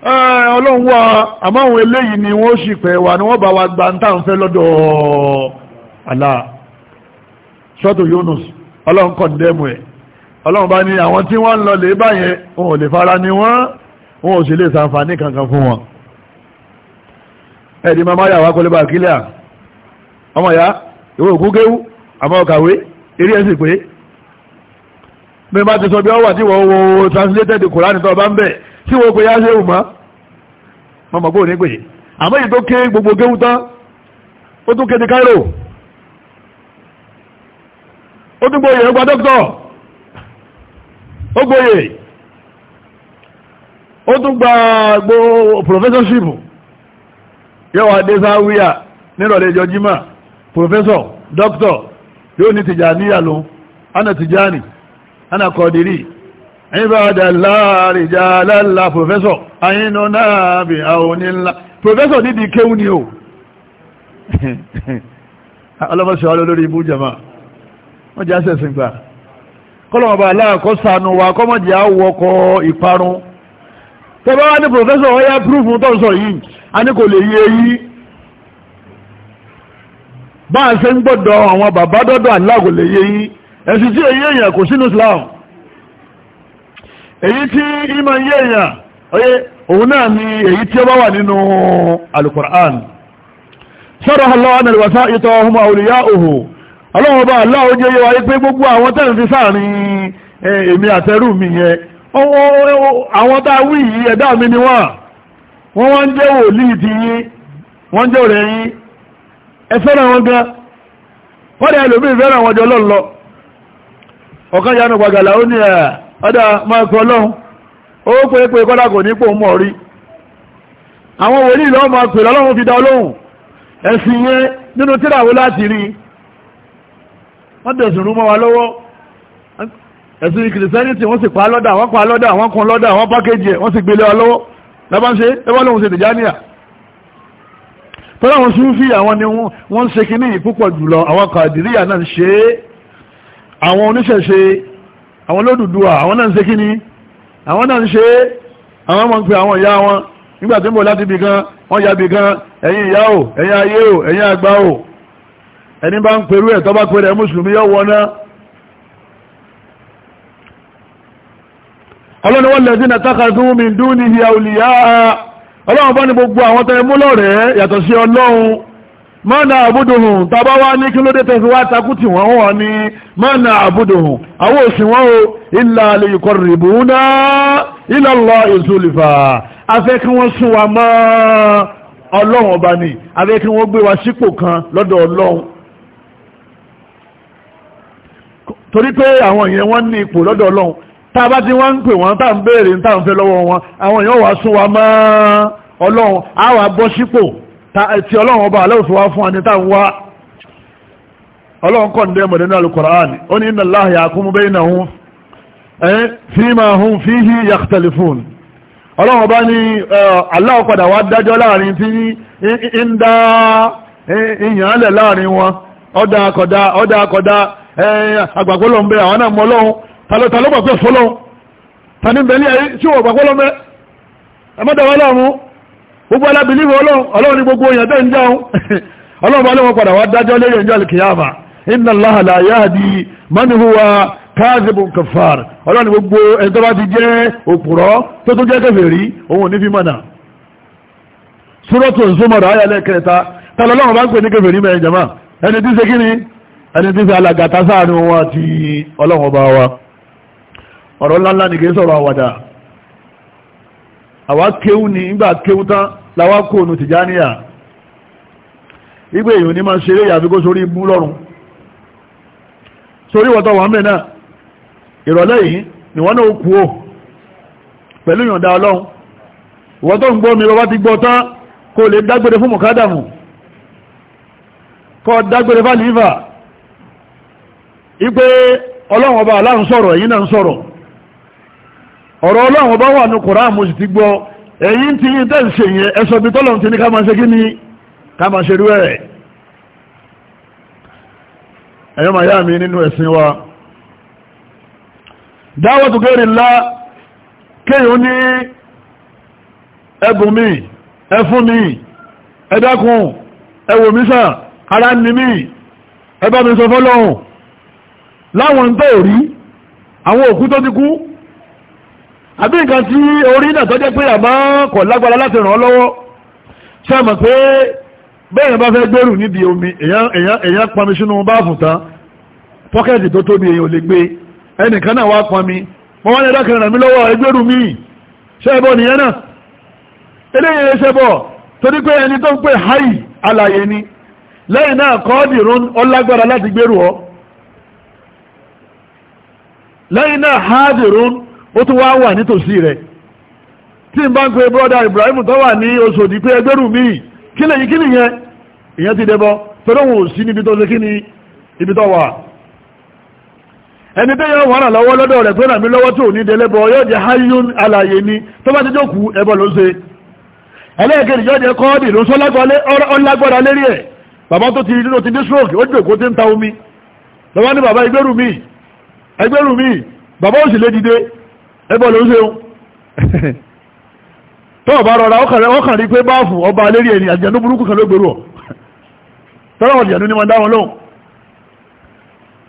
Eh, ọlọ́run wá àmọ́ àwọn eléyìí ni wọ́n sì pẹ̀ wà ní wọ́n bá wa gba ń tà ń fẹ́ lọ́dọ̀ Allah sọ́tò Yunus ọlọ́run kọ̀ ndẹ́mù ẹ̀ ọlọ́run bá ní àwọn tí wọ́n ń lọ lè báyẹn wọn ò lè fara ni wọ́n wọn ò sì lè kí wọ́n pe yáṣẹ́ wù mọ́ mọ́ mọ̀ bó ní pè àmọ́ èyí tó ké gbogbo géwú tán ó tún kéde Cairo ó tún gbóyè ó gba dókítọ̀ ó gbóyè ó tún gba gbo professorship yóò wá nírọ̀lẹ́ professor yóò ní tìjà níyà ana tìjáni ana ìbádàlá rìjàlálà pòfẹ́sọ̀ ayínú náà bí àwọn onílá pòfẹ́sọ̀ nídi kéhù ni o ọlọ́mọsọ̀ olórí ibú jama wọ́n jẹ́ àṣẹ́sìn gbà kọ́lọ̀mọ̀bà aláàkọ́ sànù wà kọ́mọ̀jẹ́ àwọ̀kọ́ ìparun tẹ́bá wá ní pòfẹ́sọ̀ ọyá púrúfù tọ́sọ̀ yìí a ní kò lè yé yí bá a ṣe ń gbọ́dọ̀ àwọn bàbá dọ́dọ̀ aláàkò lè yé yí ẹ̀sìn èyí tí ìmọ̀ yé ya. oye òun náà ni èyí tí ó bá wà nínú alukur'an sọ́rọ̀ aláwọ̀ náà wàsá ọmọ òlìyá òhù ọlọ́wọ́ aláwọ̀ jẹ́ yẹ wáyé pé gbogbo àwọn fi sáàrin èmi àtẹ́rù mi yẹn àwọn tá a wí yìí ẹ̀dá mi ni wọ́n wọ́n jẹ́ ti yi ọ̀dá máa sọ lọ́hun ó pé pé kọ́dá kò ní pò mọ̀ rí àwọn wòlíì lọ́wọ́ máa pè lọ́lọ́run fi dá olóhùn ẹ̀sìn yẹn nínú tíràwó láti rí wọ́n dẹ̀sùn rú mọ́ wa lọ́wọ́ ẹ̀sìn kìrìsẹ́nìtì wọ́n sì pa lọ́dà wọ́n pa lọ́dà wọ́n kan lọ́dà wọ́n pákéjì ẹ̀ wọ́n sì gbélé wa lọ́wọ́ lábáṣe ẹwọ́n lóhun ṣe tìjáníyà tọ́lá wọn sí ń fi àwọn ni wọ́n ń ṣe kínní púpọ̀ jùlọ àwọn kàdìríyà náà ń ṣe àwọn oníṣẹ̀ṣe àwọn lódùdúwà àwọn náà ń ṣe kíní àwọn náà ń ṣe àwọn ọmọ ń pe àwọn ìyá wọn nígbà tí ń bọ̀ láti bì gan wọ́n ya bì gan ẹ̀yin ìyá o ẹ̀yin ayé o ẹ̀yin àgbà o ẹni bá ń perú ẹ̀ tó bá perú ẹ̀ mùsùlùmí yọ wọ́n náà ọlọ́run wọ́n lẹ́sìn àtàkàdún mi dún ní ìyá òlìyá ọlọ́run bá ní gbogbo àwọn tẹ́ mú lọ́rẹ̀ẹ́ yàtọ̀ mọ́nà àbúdòhùn tàbá wá ní kí ló dé tẹ́sí wá takú tí wọ́n wọ́n ní mọ́nà àbúdòhùn àwọn òsìn wọ́n o ilà lè kọ̀ rìbùúná ilọ̀lọ́ ìzúlìfà afẹ́ kí wọ́n sún wa mọ́ ọlọ́run ọba ni afẹ́ kí wọ́n gbé wa sípò kan lọ́dọ̀ ọlọ́run torí pé àwọn èèyàn tí eh, ọlọ́run ọba aláwọ̀sọ wá fún àníta wá ọlọ́run kọ́ ndé mọ̀dé náà lùkọ̀rán ó ní inna Allaha yahkumu baynahum eh, fi hum fihi yakhtalifun ọlọ́run ọba ní eh, aláwọ̀ padà wá dájọ́ láàrin tí ń dá gbogbo alábìlífẹ́ ọlọ́run ní gbogbo èèyàn tẹ́ ń jẹun ọlọ́run bá lọ́wọ́ padà wá dájọ́ lórí ẹjọ́ alìkìyàmà inna Allaha la di man huwa kadhibun kaffar ọlọ́run ní gbogbo ẹni tó bá ti jẹ́ òpùrọ́ tó tó jẹ́ kèfèrí òun ní fi mọ̀nà Suratul Zumar àyá lẹ́kẹta tàbí ọlọ́run bá ń pè ní kèfèrí mẹ́rin jama ẹni tí ṣe kí ni ẹni tí àwa kéwú ni nígbà kéwú tán láwá kóònù tìjáníyà igbe èyàn ní máa ṣeré ìyàfi kó sórí ibú lọ́rùn sórí ni wọ́n náà kú o pẹ̀lú ìyọ̀nda ọlọ́run wọ́tọ̀ ń gbọ́ mi bàbá ti gbọ́ tán kó lè dágbére fún mọ̀kádàmù kó dágbére fálífà ọlọ́run ọba sọ̀rọ̀ èyí náà ń ọ̀rọ̀ ọlọ́run bá wà ní koran mo sì ti gbọ́ ẹ̀yìn tí yín tẹ́ ń ṣe yẹn ẹ̀sọ́ bí tọ́lọ̀ ti ní ká máa ṣe kí ni ká máa ṣe rú ẹ̀ ẹ̀yọ́ màá yá mi nínú ẹ̀sìn wa dáwọ́tù kẹrì ńlá kéèyàn ní ẹbùn mi ẹfún mi ẹdákun ẹwò mi sàn ara ni mi ẹbá mi sọ fọ́lọ́hùn láwọn ń tó rí àwọn òkú tó ti kú àbí nǹkan tí orí náà tó pé àmọ́ kò lágbára láti ràn ọ́ lọ́wọ́ ṣe mọ̀ pé bẹ́ẹ̀ omi èèyàn pami sínú báàfù tán pọ́kẹ́tì tó tóbi èèyàn ò lè gbé ẹnìkan náà wá pami wọ́n wá ní ẹ̀dá lọ́wọ́ mi ṣẹ́bọ̀ nìyẹn náà eléyìí ṣẹ́bọ̀ torí pé ẹni tó ń pè háì alàyè ni lẹ́yìn náà ọlágbára láti gbèrú ọ lẹ́yìn ó tún wá wà nítòsí rẹ̀ tí n bá ń pe brother Ibrahim tó wà ní Òṣòdì pé ẹgbẹ́rù mi kí lè yí kí nìyẹn ìyẹn ti dẹbọ torí òun ò sí níbi tó ṣe kí ni ibi tó wà ẹni tẹ́ yọ wọ́n rà lọ́wọ́ lọ́dọ̀ rẹ̀ pé ràn mí lọ́wọ́ tí ò ní délẹ́bọ yóò jẹ́ hayun alaye ni tó bá ti jókòó ẹbọ ló ṣe ẹlẹ́ẹ̀kejì yóò jẹ́ kọ́ọ̀dì ló sọ́lágbára lérí ẹ̀ bàbá tó ti ló ti dé stroke ó jòkó tí ń ta omi lọ́wọ́ ní bàbá ẹgbẹ́rù mi ẹgbẹ́rù mi bàbá ó sì lé dìde ẹbọ́ ló ń ṣe o tọ́wọ̀ ọ rọra ọkàn rí pé báàfù ọba alérí ẹni àjẹ́nú burúkú kan ló gbèrú ọ̀ tọ́wọ̀ àjẹ́nú ni wọ́n dá wọn lóhùn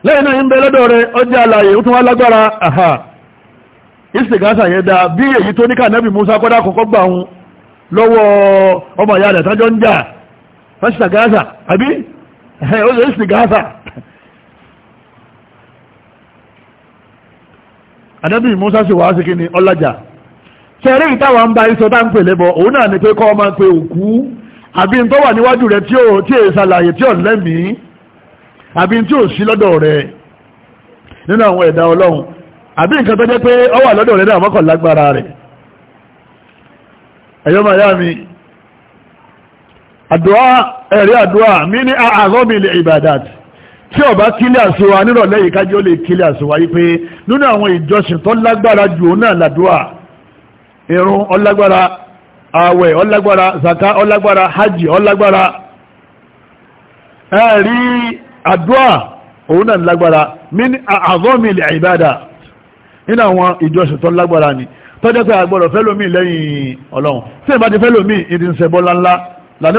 lẹ́yìn náà ń bẹ lọ́dọ̀ rẹ ọjọ́ alàyè ó tún wá lágbára àhà yẹn bí èyí tó Musa kọ́dá kọ́kọ́ gbà lọ́wọ́ ọmọ ìyá rẹ̀ tájọ́ ń jà fásitì àbí ànábì Musa sì wàá sí kí ni ọlájà ṣẹ̀rí ìtawà ń ba iṣẹ́ bá ń pè lẹ́bọ̀ òun náà ni pé kọ́ máa ń pe òkú àbí tó wà níwájú rẹ̀ tí ò tí è ṣàlàyé tí ò lẹ́mìí àbí tí ò sí lọ́dọ̀ rẹ̀ nínú àwọn ẹ̀dá ọlọ́run àbí nǹkan tó jẹ́ pé ọ wà lọ́dọ̀ rẹ̀ náà mọ́kàn lágbára rẹ̀ ẹ̀yọ́ máa yá mi àdúrà ẹ̀rí àdúrà mí ní àgọ́mìlì ìbàdàtì tí ọba kílẹ̀ àṣewà nírọ̀lẹ́ yìí kájí ó lè kílẹ̀ àṣewà yìí pé nínú àwọn ìjọsìn tó lágbára jù ó náà làdúà irun ọlágbára ààwẹ̀ ọlágbára zaka ọlágbára hajj ọlágbára ẹ̀rí àdúà òun náà lágbára min àzọ́mìlì ìbádà nínú àwọn ìjọsìn tó lágbára ni tọ́jọ́ pé àgbọ̀rọ̀ fẹ́lómi lẹ́yìn ọlọ́run tí ìbá ti fẹ́lómi ìdínsẹ̀bọ́lá ńlá lànà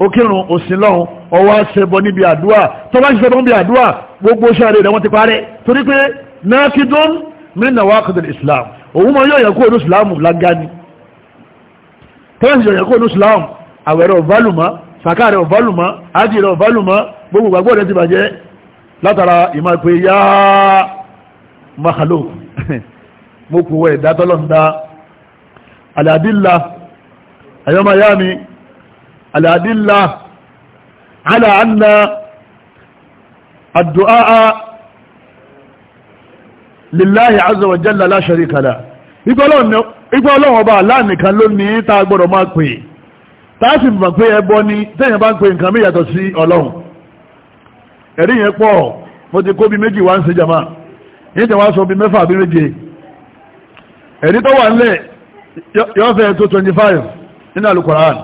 ó kírun òsìn lọ́hun ọwọ́ ṣẹbọ níbi àdúà tó bá ṣẹbọ níbi àdúà gbogbo ṣáàrẹ̀ rẹ̀ wọ́n ti parẹ́ torí pé náàkídún mínà wá islam òun mọ̀ yóò yẹ̀kú ònú islam lágáni tẹ́lẹ̀sì yẹ̀kú ònú islam àwẹ̀rẹ̀ ọ̀bálùmọ́ sàkàrẹ̀ ọ̀bálùmọ́ ájìrẹ̀ ọ̀bálùmọ́ gbogbo gbàgbọ́ rẹ̀ ti bàjẹ́ látara ìmọ̀ pé yá makhalouk الأدلة على أن الدعاء لله عز وجل لا شريك له ìgbà ọlọ́run ọba aláàníkan ló ní tá gbọ́dọ̀ máa pè táàsì mọ̀ pé ẹbọ ni tẹ́yìn bá ń pè nǹkan méyàtọ̀ sí ọlọ́run ẹ̀rí yẹn pọ̀ mo ti kó bí méjì wá ń ṣe jama yìí tẹ́wàá sọ bí mẹ́fà bí méje ẹ̀rí tó wà nílẹ̀ yọ́fẹ́ tó 25 nínú Al-Qur'an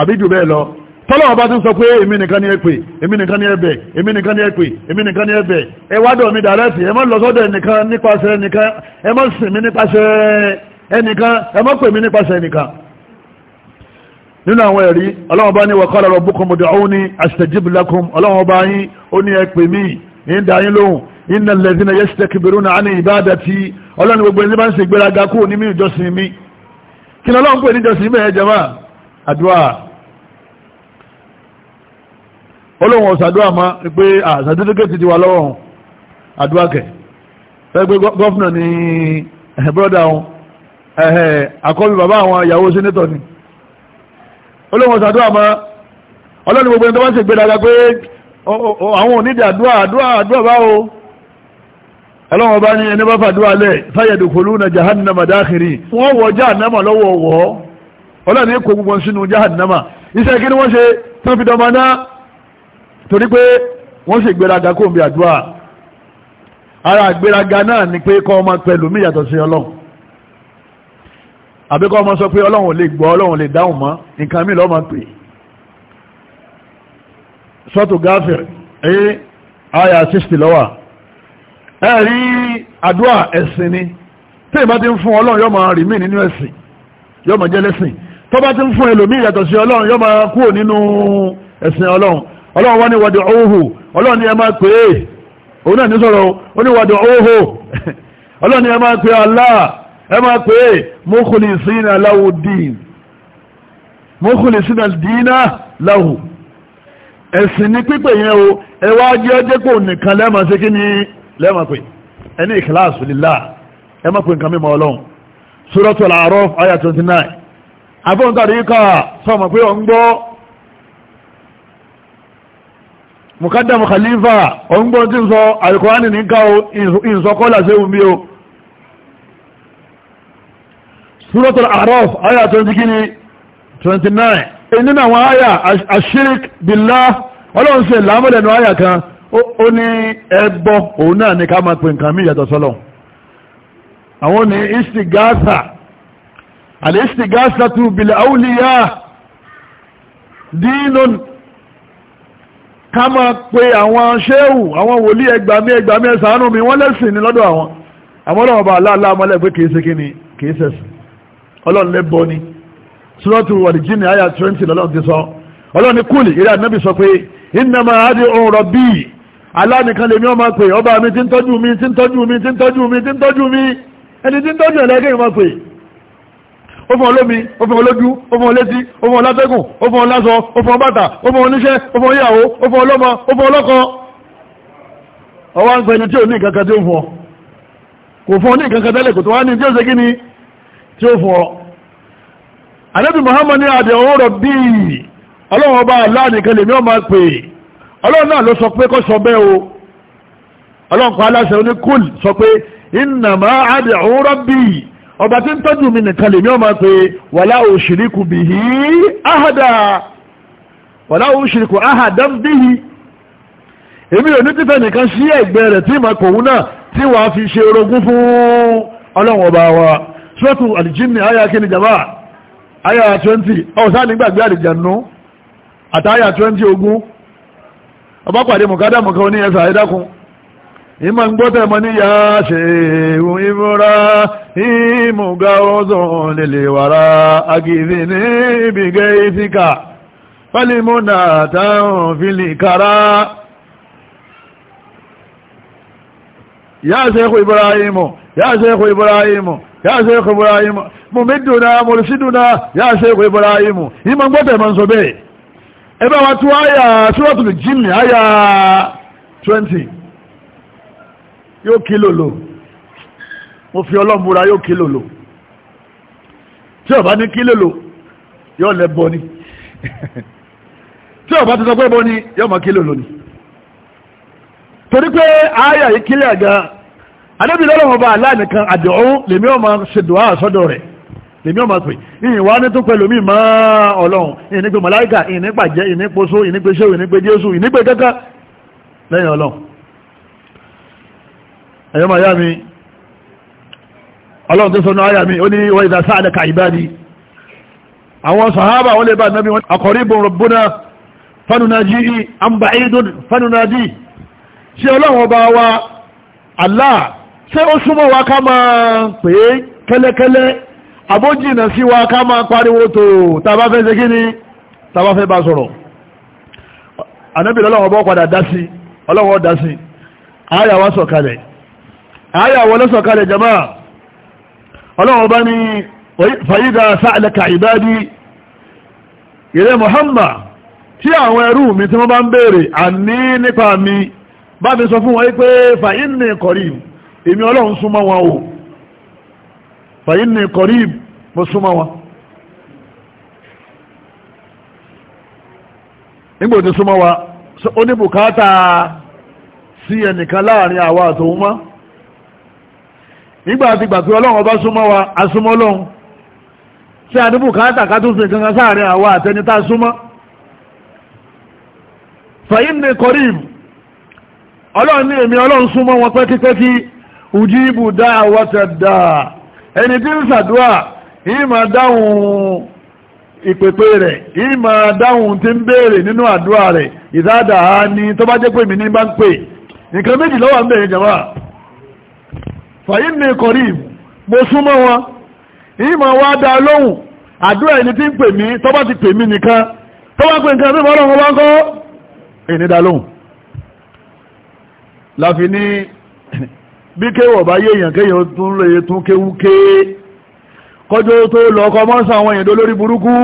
àbí jù bẹ́ẹ̀ lọ tọ́lọ́wọ́ bá tún sọ pé èmi nìkan ni ẹ pè èmi nìkan ni ẹ bẹ̀ èmi nìkan ni ẹ pè èmi nìkan ni ẹ bẹ̀ ẹ wádọ̀ mi dàrẹ́tì ẹ má lọ sọ́dọ̀ ẹnìkan nípasẹ̀ ẹnìkan ẹ má sìn mí nípasẹ̀ ẹnìkan ẹ má pè mí nípasẹ̀ ẹnìkan nínú àwọn ẹ̀rí ọlọ́wọ́ bá ní waqala rabbukum ud'uni astajib lakum ọlọ́wọ́ bá yín ó ní ẹ olóhùn ọ̀sàdúrà ma ni pé sàtífíkẹ́tì ti wà lọ́wọ́ ọ̀hún àdúràkẹ̀ ẹgbẹ́ gọ́fìnà ni brọ́dà ọ̀hún ẹ̀hẹ̀ àkọ́bí bàbá àwọn ìyàwó sínétọ̀ ni olóhùn ọ̀sàdúrà ma ọlọ́ni gbogbo ẹni tó bá ṣe gbéraga pé àwọn onídìí àdúrà àdúrà àdúrà báwo ọlọ́wọ́n bá ní ẹni bá fàdúrà lẹ̀ fayadkhuluna jahannama dakhiri wọ́n wọ jahannama lọ́wọ́ wọ́ ọlọ́ni kò gbogbo sínú jahannama iṣẹ́ kí ni wọ́n torí pé wọ́n ṣe gbéraga kó bí àdúrà ara gbéraga náà ni pé kọ́ ọmọ pẹ̀lú mí yàtọ̀ sí ọlọ́run àbí kọ́ ọmọ sọ pé ọlọ́run lè gbọ́ ọlọ́run lè dáhùn mọ́ nǹkan mí lọ́mọ pè sọ́tò gáfẹ̀rẹ̀ ẹ̀yẹ́ àyà 60 lọ́wà ẹ̀rí àdúrà ẹ̀sìn ni tí ìbá ti ń fún ọlọ́run yọ́ máa rí mí nínú ẹ̀sìn yọ́ jẹ́ lẹ́sìn tó bá ti ń fún ẹlòmí yàtọ̀ sí ọlọ́run yọ́ kúrò nínú ẹ̀sìn ọlọ́run ọlọ́run wá ní wàdí ọ̀hù ọlọ́run ní ẹ máa pè é òun náà ní sọ̀rọ̀ ó ní wàdí ọ̀hù ọlọ́run ní ẹ máa pè Allah ẹ máa pè é mukhlisina lahu din mukhlisina dina lahu ẹ̀sìn ní pípẹ̀ yẹn o ẹ jẹ́ ọjẹ́ pò nìkan lẹ́ẹ̀mà sí kí ni lẹ́ẹ̀mà pè ẹ ní ikhlasu lillah ẹ máa pè nǹkan mímọ́ ọlọ́run Suratul A'raf 29 àbọ̀ntàrí kà sọ́mọ̀ pé mukadam khalifa ọ̀ngbọ́n tí ń sọ alkùránì ní ká ìsọkọ́lá sí omi o suratul araf aya 20 29 inú àwọn aya ashirik billah ọlọ́run sí lámọ́lẹ̀nù aya kan ó ní ẹbọ òun náà ní ká máa pè nǹkan mí ìyàtọ̀ sọ́lọ̀ àwọn ní istigasa al-istigasa tu bil awliya dinun ká máa pe àwọn ṣéhù àwọn wòlí ẹgbàmí ẹgbàmí ẹsàánú mi wọ́n lẹ́sìn ní lọ́dọ̀ àwọn àmọ́lọ́wọ́ bá aláàlá mọ́lẹ̀ pé kìí ṣe kíni kìí ṣẹ̀sìn ọlọ́run lẹ́bọ ni sọ́tù wàlìjínì àyà 20 lọ́lọ́run ti sọ ọlọ́run ní kúlì ìrẹ́ ànábì sọ pé innama adé ohun rọ̀ bíi alánìkan lèmi ọmọ pé ọba mi ti ń tọ́jú mi ti ń tọ́jú mi ó fún olómi ó fún olójú ó fún olétí ó fún olátẹ́gùn ó fún ọlásọ ó fún ọbàtà ó fún oníṣẹ́ ó fún ìyàwó ó fún ọlọ́mọ ó fún ọlọ́kọ ọwá ń pẹ̀lú tí ò ní ìkankan tí ó fún ọ kò fún ọ ní ìkankan tẹ́lẹ̀ kò tó wá ní tí ó ṣe kíni tí ó fún ọ àdẹ́bì Muhammad ní àdẹ̀ òwúrọ̀ bíi ọlọ́run ọba aláàdìkan lèmi ọmọ pè ọlọ́run náà ló sọ pé kó ọba tí ń tọ́jú mi nìkan lè ní ọmọ pé wàlá òṣìríkù bihi áhàdà wàlá òṣìríkù áhàdà ń bihi èmi ò ní títẹ̀ nìkan sí ẹ̀gbẹ́ rẹ̀ tí ìmọ̀ kòun náà tí wàá fi ṣe orogún fún ọlọ́run ọba wa sọ́tù àlìjínì àyà kíni jàmbá àyà 20 ọ̀sán nígbàgbé àlìjànú àtàyà 20 ogun ọba pàdé mọ̀kádà mọ̀kán ní ẹ̀dákun ìmọ̀ ń gbọ́tẹ̀ mọ́ ní yàá ṣe ìhun ìmúra ìmúga ọzọ̀ lèlè wàrà agìrì ní ìbìgẹ́ ìsìnkà pálímọ́nà àtàrùn fìlìkàrá yàá ṣe ẹkù Ibrahimu yàá ṣe ẹkù Ibrahimu yàá ṣe ẹkù Ibrahimu mùmídùnà mùrùsídùnà yàá ṣe ẹkù Ibrahimu ìmọ̀ ń gbọ́tẹ̀ mọ́ ń sọ bẹ́ẹ̀ ẹbá wa tún àyà Suratul Jinn àyà 20 yóò kí lòlò mo fi ọlọ́mùra yóò kí lòlò tí ọba ní kí lòlò yóò lẹ bọ ni tí ọba ti sọ pé bọ ni yóò máa kí lòlò ni torí pé ayà yìí kílẹ̀ àga adébìnrin ọlọ́mọba aláàníkan àdìọ́hún lèmi ọmọ ṣèdùá sọ́dọ̀ rẹ̀ lèmi ọmọ pè ìyìn wá ní tó pẹ̀lú mi mọ́ ọlọ́run ìyìn pé màláíkà ìyìn pàjẹ́ ìyìn ní poso ìyìn ní pé ṣéwì ìyìn ní pé jésù ìyìn pé kẹ́kẹ́ lẹ́yìn ọlọ́run ẹ̀yọ́ máa yá mi ọlọ́run tó sọ́nà ayà mi ó ní wọ́n ìdá sáàdẹ̀ ka ìbádi àwọn sàhábà wọ́n lè bá nàbí wọn aqaribun rabbuna fanunaji am ba'idun fanunaji ṣe ọlọ́run ọba wa Allah ṣé ó súnmọ́ wa ká máa pè é kẹ́lẹ́kẹ́lẹ́ àbójìnà sí wa ká máa pariwo tó tàbá fẹ́ ṣe kí ni ọlọ́run ọba padà dá sí ọlọ́run ọdá sọ̀kalẹ̀ àyà wọ́n lọ́sọ̀ kalẹ̀ jama ọlọ́wọ́ bá ní fàyídà sáàlẹ̀kà ìbádí ilẹ̀ Muhammad tí àwọn ẹrú mi tí wọ́n bá ń béèrè àní nípa mi bá mi sọ fún wọn pé fàyínì kọ̀rìm èmi ọlọ́run o fàyínì kọ̀rìm mo súnmọ́ wọn nígbò tí súnmọ́ wa ó ní bùkátà sí ẹnìkan láàrin nígbà ati gbà pé ọlọ́run ọba súnmọ́ wa asúnmọ́ lọ́hun ṣé àdúgbò káàtà kátúnṣe kankan sáàrin àwa àtẹni tá a súnmọ́ fàyín ní kọrìm ọlọ́run ní èmi ọlọ́run súnmọ́ wọn pẹ́kípẹ́kí ùjíbù dáa wọ́tẹ̀ dáa ẹni tí ń sàdúrà yìí máa dáhùn ìpèpè rẹ̀ yìí máa dáhùn tí ń béèrè nínú rẹ̀ ni tó bá jẹ́ pé mi ní bá ń pè fàyín ní kọ̀rí mo súnmọ́ wọn ìmọ̀ wa dá lóhùn àdúrà ẹni tí ń pè mí tó bá ti pè mí nìkan tó bá pè nǹkan tó bá lọ́wọ́ wọn kọ́ èyí ní dá lóhùn láfi ní bí kéwọ̀ bá yé èèyàn kéèyàn tún lóye tún kéwú ké kọjọ́ tó lọ ọkọ̀ mọ́sán àwọn èèyàn lórí burúkú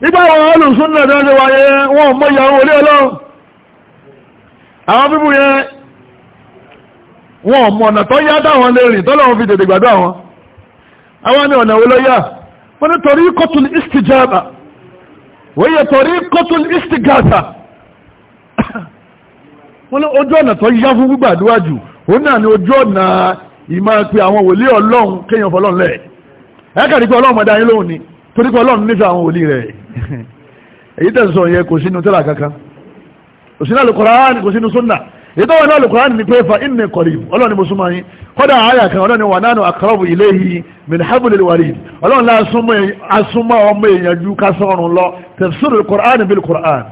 nígbà wọn olùsúnnà tó ń ṣe wáyé wọn mọ́ ìyàwó orí ọlọ́run àwọn bíbù yẹn wọn ò mọ ọ̀nà tó yá dáwọn lè rìn tọ́lọ́wọ́n fi tètè gbàdúrà wọn àwọn ní ọ̀nà wo ló yá wọ́n ní torí kọ́tùl istijaba wọ́n yẹ torí kọ́tùl istigasa wọ́n ní ojú ọ̀nà tó yá fún gbàdúrà jù òun náà ní ojú ọ̀nà ìmọ̀ pé àwọn wòlíì ọlọ́run kéèyàn fọlọ́run lẹ̀ ẹ́kàrí pé ọlọ́run mọ̀dá yín lóhùn ni torí pé ọlọ́run nífẹ̀ẹ́ àwọn wòlíì rẹ̀ èyí tẹ̀sán yẹ kò sínú tẹ́lá kankan kò sínú Al-Qur'an kò sínú sunnah ètò wọn náà lùkùránì ní pé fa inni qarib ọlọ́ni musulman yìí kọ́dà àyà kan ọlọ́ni wà nánú aqrabu ilayhi min hablil warid ọlọ́ni lásúnmọ́ ọmọ èèyàn ju kásọ̀rùn lọ tafsirul qur'an bil qur'an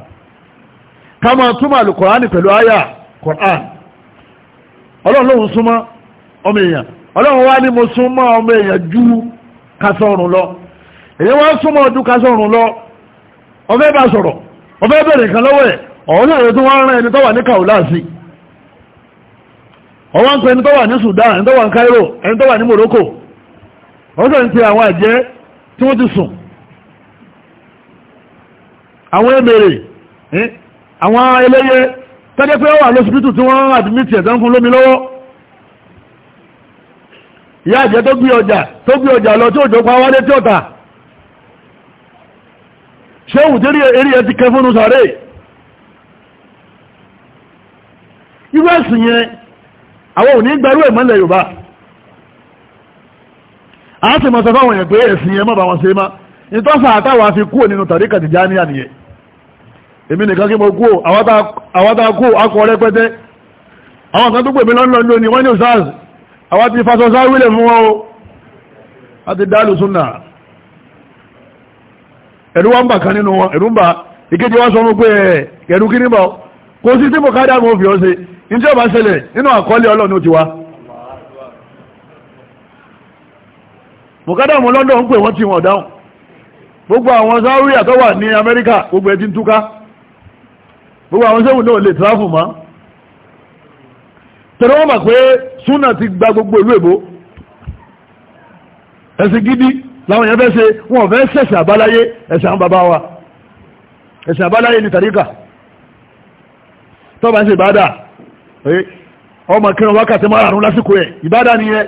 kama túmọ̀ lùkùránì pẹ̀lú àyà qur'an ọlọ́ni lóhun súnmọ́ ọmọ èèyàn ọlọ́ni wá ní mo súnmọ́ ọmọ èèyàn ju kásọ̀rùn lọ èyí wọ́n súnmọ́ ju kásọ̀rùn lọ ọfẹ́ bá sọ̀rọ̀ ọfẹ́ bẹ̀rẹ̀ kan lọ́wọ́ ẹ̀ ọ̀hún náà ló wá rán ẹni tó wà ní kàwé láàsì ọwọ́ ń pẹ ẹni tó wà ní Sudan ẹni tó wà ní Cairo ẹni tó wà ní Morocco wọ́n sọ ń pẹ àwọn àjẹ́ tí wọ́n ti sùn àwọn ẹ̀mẹ̀rẹ̀ àwọn eléyẹ tẹ́jẹ́ pé wà lọ́sibítù tí wọ́n lọ́wọ́ ọjà tó ọjà lọ tí òjò pa wálé tí ọ̀tà ṣéhùn àwọn ò ní gbarú ẹ̀ Yorùbá a sì mọ̀ sọ fáwọn èèyàn pé ẹ̀sìn ẹ̀ má wọn ṣe má àtàwà fi kúrò nínú tàríkà Tìjàníyà nìyẹn èmi nìkan kí mo kúrò a akọ rẹpẹtẹ àwọn kan tó pè mí lónìí wọ́n ní o a ti dálù súnà ẹ̀rú wọn kan ní tí ó bá ṣẹlẹ̀ nínú àkọọ́lẹ̀ ọlọ́run ó ti wá mọ̀kádàmù London ń pè wọ́n tí wọ́n dáhùn gbogbo àwọn sáwírí àtọ́wà ní Amẹ́ríkà gbogbo ẹ̀tí ń túká gbogbo àwọn sẹ́wù náà lè tráfù mọ́ tẹ́rẹ wọ́n bà pé súnà ti gba gbogbo ìlú èbó ẹ̀sìn gidi láwọn èèyàn fẹ́ ṣe wọ́n fẹ́ ṣẹ̀ṣẹ̀ àbáláyé ẹ̀sìn àwọn bàbá wa ẹ̀sìn àbáláyé ni tàríkà tọ́ba ń ṣe ìbádà Eh, ọmọ kírun wákàtí márùn-ún lásìkò ẹ̀ ìbádà nìyẹn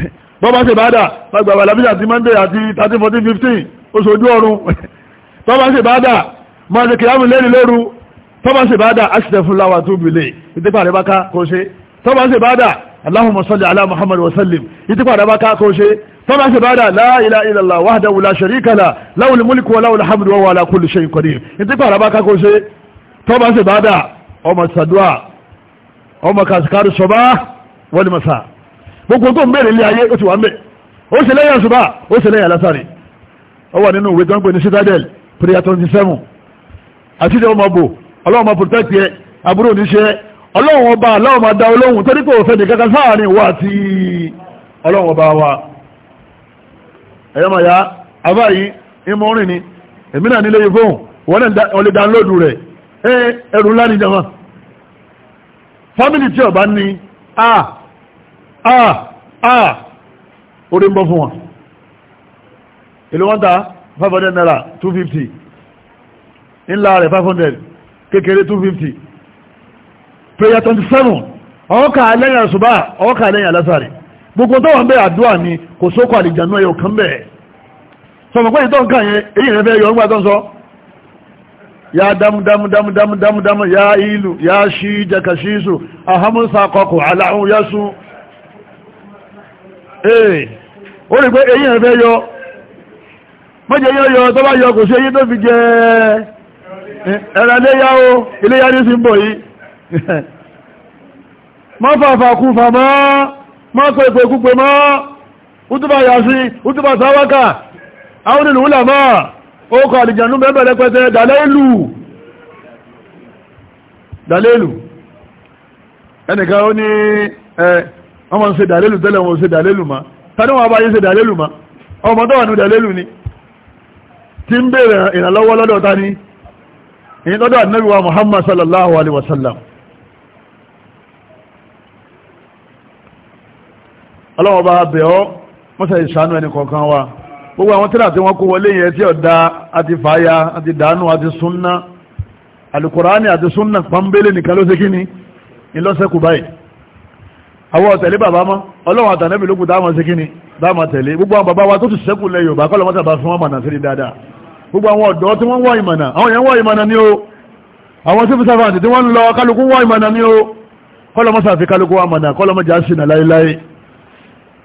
bọ́bá ṣe ìbádà gbàgbà làbíjà ti monday àti 13 14 15 oṣù ojú ọrùn tọ́bá ṣe ìbádà máa ṣe kìyàmù lẹ́ni lóru tọ́bá ṣe ìbádà aṣìṣẹ́fúnláwà tó bìlẹ̀ ìtípà rẹ̀ bá ká kó ṣe tọ́bá ṣe ìbádà Allahumma salli ala Muhammad wa sallim ìtípà rẹ̀ bá ká kó ṣe tọ́bá ṣe ìbádà la ilaha illallah wahdahu la sharika lahu lahul mulku wa lahul hamdu wa huwa ala kulli shay'in qadir ìtípà rẹ̀ bá ká kó ṣe tọ́bá ṣe ìbádà ọmọ sàdúà ọmọ kàṣíkárù sọ̀bá wọ́n ni màsà gbogbo tó ń bèèrè ilé ayé ó ti wà ń bẹ̀ ó sì lẹ́yìn sọ̀bá ó sì lẹ́yìn alásàrì ó wà nínú ìwé tó ń ní citadel prayer twenty àti ìdí ọmọ bò da olóhùn torí pé òfẹ́ nìkan sáàrin ìwà àti ọlọ́run ọba wa ẹ̀yọ́ màá ya àbá yìí ìmọ̀ rìn ni èmi náà nílé yìí wọ́n lè dánlóòdù rẹ̀ ẹ̀rù ńlá ni jama fámílì tí ọba ní a a a orí ń bọ́ fún wọn ìlú wọ́n ta 500 naira 250 ńlá rẹ̀ 500 kékeré 250 prayer 27 ọkà lẹ́yìn àṣùbá ọkà lẹ́yìn alásàrí gbogbo tó wọ́n bẹ́ àdúwà ni kò sókò àlìjànú ẹ̀yọ̀ kan bẹ̀ẹ̀ sọmọ̀pẹ́ ìtọ́ nǹkan yẹn èyí rẹ̀ fẹ́ yọ ń gbà tó ń sọ ya dam dam dam dam dam ya ilu ya shi jakashisu a hamun sakọkù aláhun yasu ee eh, o rí eyi ẹ̀fẹ́ yọ mọ́jẹ yọ yọ tó bá yọ kò sí eyi tó fi jẹ ẹ̀rẹ̀ iléyá o iléyá ní sí ń bọ̀ yìí mọ́ fàfà kú fà mọ́ mọ́ ó kọ àdìjànú bẹ́ẹ̀bẹ̀rẹ̀ pẹ́sẹ̀ dàlẹ́lù dàlẹ́lù ẹnìkan ó ní ẹ ọmọ ń ṣe dàlẹ́lù tẹ́lẹ̀ wọn ò ṣe dàlẹ́lù ma tani wọn abáyé ṣe dàlẹ́lù ma ọmọ tó wà ní dàlẹ́lù ni tí ń bèèrè ìrànlọ́wọ́ lọ́dọ̀ ta ni lọ́dọ̀ ànábì wa Muhammad sallallahu alaihi wasallam ọlọ́wọ́ bá bẹ̀ ọ́ mọ́sẹ̀ gbogbo àwọn tíra tí wọ́n kó wọlé yẹn tí ọ̀dá àti fàáya àti dànù àti súnná alukurani àti súnná pàmbélé nìkan ló ṣe kí ni ìlọ́sẹ̀kù báyìí àwọn ọ̀tẹ̀lé bàbá mọ́ ọlọ́wọ̀n àtànẹ́bì lókù dáwọn ṣe kí ni dáwọn tẹ̀lé gbogbo àwọn bàbá wa tó ti ṣẹ́kù lẹ Yorùbá kọ́ lọ́mọ́ta bá fún wọn mọ̀nà sí dáadáa gbogbo àwọn ọ̀dọ́ tí wọ́n wá ìmọ̀nà àwọn yẹn wá ìmọ̀nà ni mọ̀nà kọ́lọ́mọ́jà sínà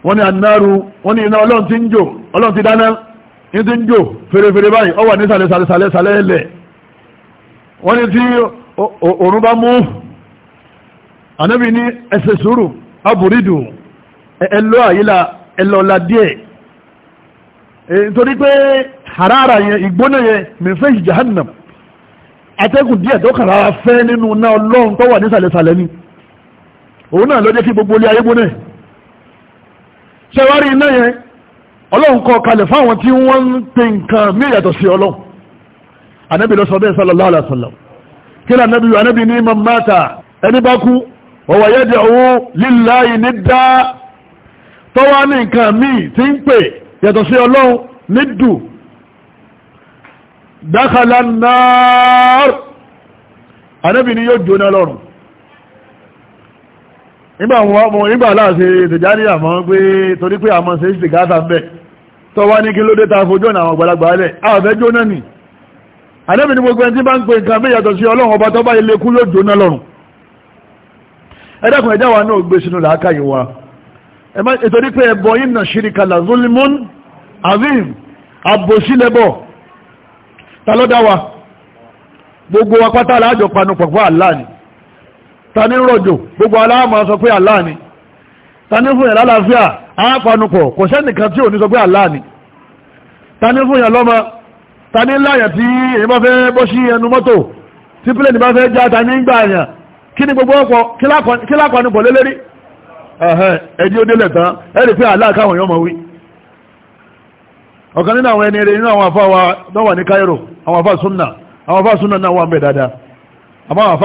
wọ́n ní anáru wọ́n ní iná ọlọ́run ti ń jò ọlọ́run ti dáná ní ti ń jò fèrèfèrè báyìí ó wà ní sàlẹ̀ sàlẹ̀ sàlẹ̀ sàlẹ̀ ẹlẹ̀ wọ́n ní tí òòrùn bá mú anábì ní ẹsẹ̀ sùúrù abùrídù ẹlọ́ àyílà ẹlọ́la díẹ̀ nítorí pé harara yẹn ìgbóná yẹn mẹ́fẹ́ jahannam atẹ́gùn díẹ̀ tó kàrà fẹ́ nínú náà ọlọ́run tó wà ní sàlẹ̀ sàlẹ̀ ni òun náà ló kí gbogbo ilé ayé gbóná yẹn ṣẹwárí iná yẹn ọlọ́run kọ kalẹ̀ fáwọn tí wọ́n ń pe nǹkan mí yàtọ̀ sí ọlọ́run anábì ló sọ bẹ́ẹ̀ sallallahu alaihi wasallam kí lè anábì yóò anábì ní man mata ẹni bá kú ọ̀wọ̀ yẹ́dẹ̀ owó lillahi nidda tọ́wá ní nǹkan mí tí ń pè yàtọ̀ sí ọlọ́run ní dù dakhala an-nar ni yóò jóná lọ́rùn nígbà wọn ọmọ nígbà aláàṣẹ tẹ̀jáde àmọ́ pé torí pé àmọ́ ṣe ṣe gáàtà ń bẹ̀ tó wá ní kí ló dé ta fojú ọ̀nà àwọn àgbàlagbà alẹ̀ àfẹ́ jóná nì àdẹ́bì ní gbogbo ẹni tí bá ń pe nǹkan bí yàtọ̀ sí ọlọ́run ọba tó bá ilé kú yóò jóná lọ́rùn ẹ̀dẹ́kùn ẹ̀dá wa náà gbé sínú làákàyè wa ìtorí ta ní gbogbo aláàmà sọ pé Allah ni ta ní fún a lálàáfíà ápanupọ̀ kò sẹ́nìkan tí ò ní sọ pé Allah ni ta ní fún yàn lọ́mọ ta ní láyà tí èyí bá fẹ́ bọ́ sí ẹnu mọ́tò tí pílẹ̀nì bá fẹ́ já ta ní gbà àyàn kí ni gbogbo ọkọ̀ kí lápanupọ̀ lélẹ́rí ẹ̀dí ó délẹ̀ tán pé káwọn yọmọ wí ọ̀kan nínú àwọn ẹni nínú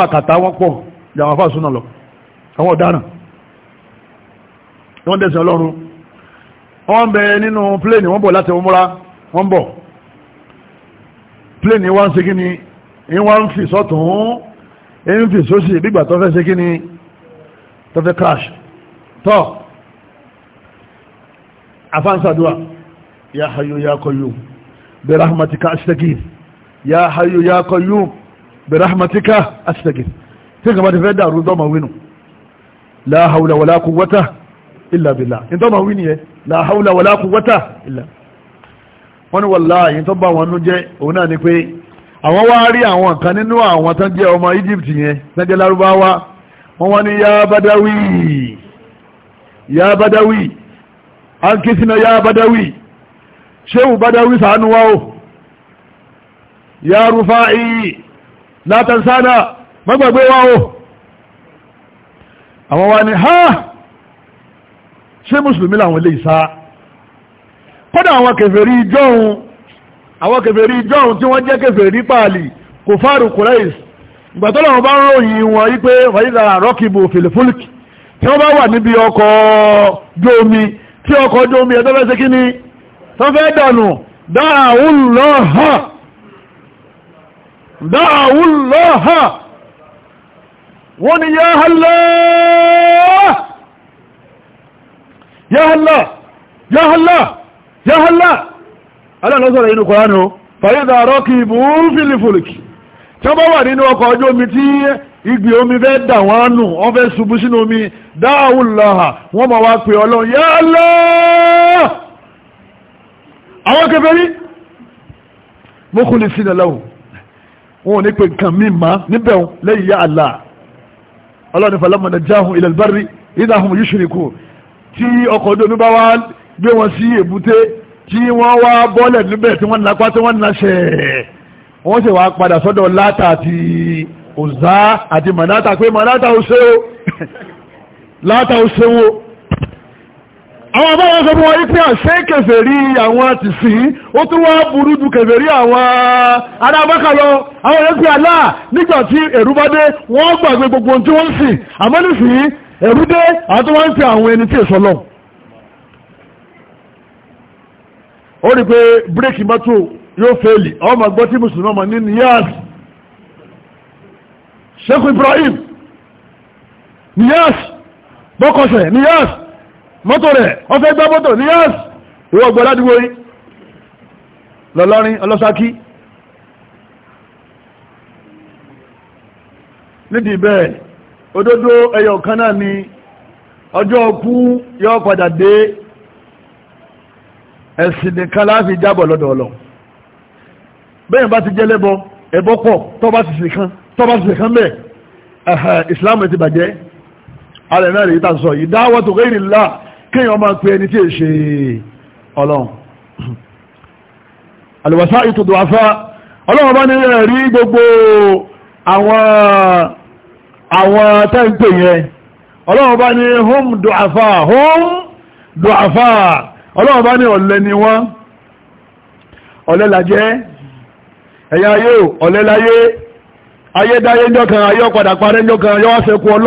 àwọn jàwọn súnà lọ àwọn ọ̀daràn wọ́n dẹ̀sẹ̀ ọlọ́run wọ́n bẹ nínú pléènì wọ́n bọ̀ láti ọmúra wọ́n bọ̀ pléènì wá ń ṣe kí ni ìwọ́n ń fi sọ́tún ń fi sósì bígbà tó fẹ́ ṣe kí ni tó fẹ́ crash tọ́ ya hayo tí nǹkan bá ti fẹ́ dàrú tọ́mọ̀ wínú la hawla wala quwwata illa billah in tọ́mọ̀ wí nìyẹn la hawla wala quwwata illa wọ́n ní wallahi in tó bá wọn nú jẹ́ òun náà ni pé àwọn wá rí àwọn kan nínú àwọn tán jẹ́ ọmọ Egypt yẹn tán jẹ́ lárúbáwá wá ní ya badawi ya badawi an sínú ya badawi badawi sànú wa o ya rufa'i la tansana mọ́gbàgbé wá àwọn wa ni ha ṣé mùsùlùmí làwọn lè isaa? kọ́dà àwọn kèfèrí jọ́hun àwọn kèfèrí jọ́hun tí wọ́n jẹ́ kèfèrí pààlì kò fáàrù kùrẹ́ìs ìgbàtọ́lọ̀ wọn bá ń ròyìn wọn wípé wàyíza rọ́kìbò fèlèfúlìkì tí wọ́n bá wà níbi ọkọ̀ jómi tí ọkọ̀ jómi ẹ̀ wọ́n ni ya Allah ya Allah ya aláàlọ́sọ̀rọ̀ inú kọ̀ránù fàyíza rọ́kì ìbúrúfìlìfòlìkì tí wọ́n bá wà nínú ọkọ̀ omi tí ìgbì omi fẹ́ dà wọ́n wọ́n fẹ́ ṣubú sínú omi dáàwùláhà wọ́n ma wá pè ọlọ́run ya ya Allah ọlọ́ni falamma najahum ilal barri idahum yushriku tí ọkọ̀ ojú omi bá wá gbé wọn sí èbúté tí wọ́n wá bọ́ọ̀lẹ̀ níbẹ̀ tí wọ́n napá tí wọ́n naṣẹ̀ wọ́n sì wá padà sọ́dọ̀ látà àti òzá àti mànátà pé mànátà ò ṣe o látà ò ṣe wo àwọn bá wọ́n sọ fún wọn wípé àṣẹ ah, kèfèrí àwọn ti sí ó tún wá burú ju àwọn arábákà lọ àwọn ẹ̀sìn àlá nígbà tí gbogbo tí wọ́n sì àmọ́ nísìnyí ẹ̀rú dé àwọn tó ń pe àwọn ẹni tí èso lọ ó rí pé bírèkì mọ́tò yóò Ibrahim niyaz niyaz mọ́tò rẹ̀ ọfẹ́ gbá mọ́tò ní yẹ́s ìwọ ọgbọ̀ ládúgbò yìí lọ́lọ́rin ọlọ́sákí nídìí bẹ́ẹ̀ òdodo ẹyọ kan ni ọjọ́ ọkú yọ padà dé ẹ̀sìn nìkan láàfi jábọ̀ lọ́dọ̀ ọlọ bẹ́ẹ̀ bá ti jẹ́lẹ́bọ ẹ̀bọ pọ̀ tọ́ba ti sìkan tọ́ba ti sìkan bẹ́ẹ̀ ẹ̀hẹ̀ ìsìláàmù ti bàjẹ́ alẹ́ náà rèé tà ìdáwọ́ tó gẹ́rì kíyàn máa pè ẹni tí è ṣe ọlọ́run alìwàsá ìtòdò ọlọ́run bá nílẹ̀ rí gbogbo àwọn tẹ́ǹpẹ̀ yẹn ọlọ́run bá ní ọlọ́run bá ní ọ̀lẹ ni wọ́n ọ̀lẹ ẹ̀yà ayé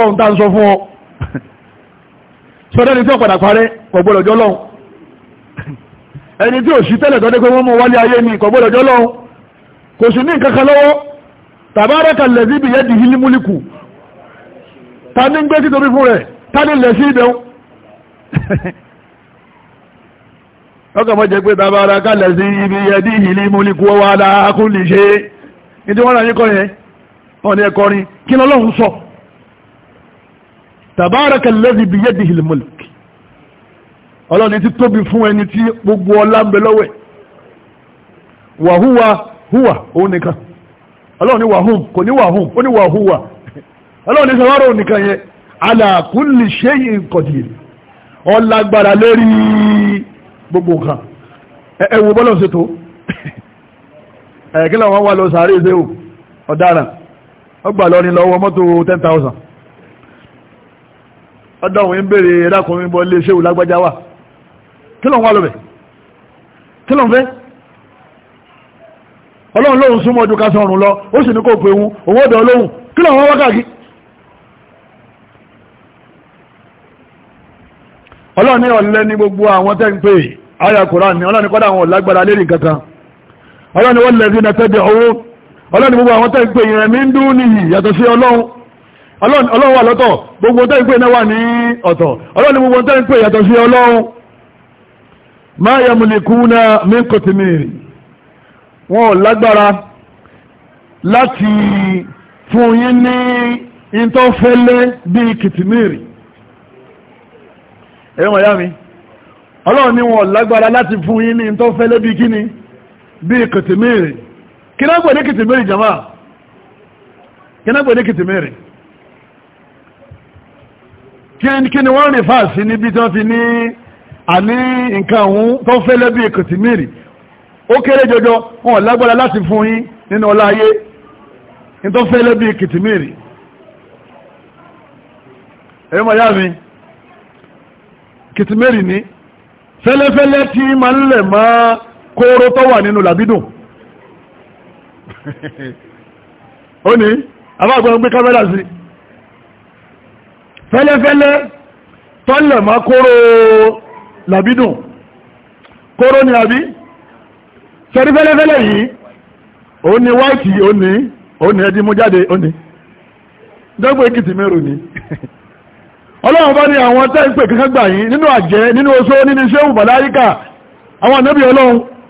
ọ̀lẹ sọ́dọ́ ni tí ó padà parẹ́ kọ̀gbọ́dọ̀ jọ lọ́hùn ẹni tí ò sí tẹ́lẹ̀ tọ́dé pé wọ́n mú wálé ayé ni kọ̀gbọ́dọ̀ jọ lọ́hùn kò sí ní nǹkankan lọ́wọ́ tàbárẹ́kà lẹ́sí ibi yẹ́dì hílí múlìkù ta ní gbé títorí fún rẹ̀ ta ní lẹ́sí ìdẹ́hùn ọkọ̀ mọ́ jẹ́ pé tàbárẹ́kà tàbárakà lẹ́dí bí yẹ́dì hìlmọ́lìkì ọlọ́ni ti tóbi fún ẹni tí gbogbo ọlá ń bẹ lọ́wẹ̀ wà húwa húwa òun nìkan ọlọ́ni wà hùn kò ní wà hùn ó ní wà húwa ọlọ́ni sàwárò nìkan yẹn aláàkúnlì ṣéyìn kọ̀dìrì ọlágbára lérí gbogbo nǹkan ẹ̀wù bọ́lọ̀ ṣètò ẹ̀kílẹ̀ wọn wà lọ sàárè ṣe ọ̀daràn ọgbà lọ́rin lọ́wọ́ mọ́tò 10,000 ọdọ́ òun ń bèèrè ẹ̀dàkùnrin bọ́ lè ṣe ìlágbájá wà kí lọ wá lọ kí fẹ́ ọlọ́run lóhun súnmọ́ ọdún lọ ó sì ní kò pé wọn òun ọ̀dọ̀ ọlọ́run kí lọ wákàkí ọlọ́run ní ọ̀lẹ́ ní gbogbo àwọn tẹ́ ń pè ni ọlọ́run kọ́dà àwọn ọ̀lágbára lérí kankan ọlọ́run wọ́n ọlọ́wọ́ lọ́tọ̀ gbogbo tẹ́ ń náà wà ní ọ̀tọ̀ ọlọ́run gbogbo tẹ́ ń yàtọ̀ sí ọlọ́run máa yamlikuna min qitmir wọn ò lágbára láti fún ní ni wọn lágbára láti fún yín ní tó kíni jama kí ni wọ́n rìn fàásí níbi tí wọ́n fi ní àní nǹkan òun tó fẹ́lẹ́ bí kòtìmírì ó kéré jọjọ wọn lágbára láti fún yín nínú ọlá ayé ní tó fẹ́lẹ́ bí kòtìmírì ẹ̀yọ́ mọ̀ yá mi kìtìmẹ́rì ní fẹ́lẹ́fẹ́lẹ́ tí ma ń lẹ̀ mọ́ kóró tó wà nínú làbídùn ó ní àbágbọ́n gbé kámẹ́rà sí i fẹ́lẹ́fẹ́lẹ́ tọ́lẹ̀ ma kóró làbídùn kóró ni àbí ṣẹ́rí fẹ́lẹ́fẹ́lẹ́ yìí ó ní wáìtì ó ní ó ní ẹdí mú jáde ó ní dọ́gbọ́ ni ọlọ́run bá ní àwọn tẹ́ ń pè kankan gbà yìí nínú àjẹ́ nínú oṣó nínú iṣẹ́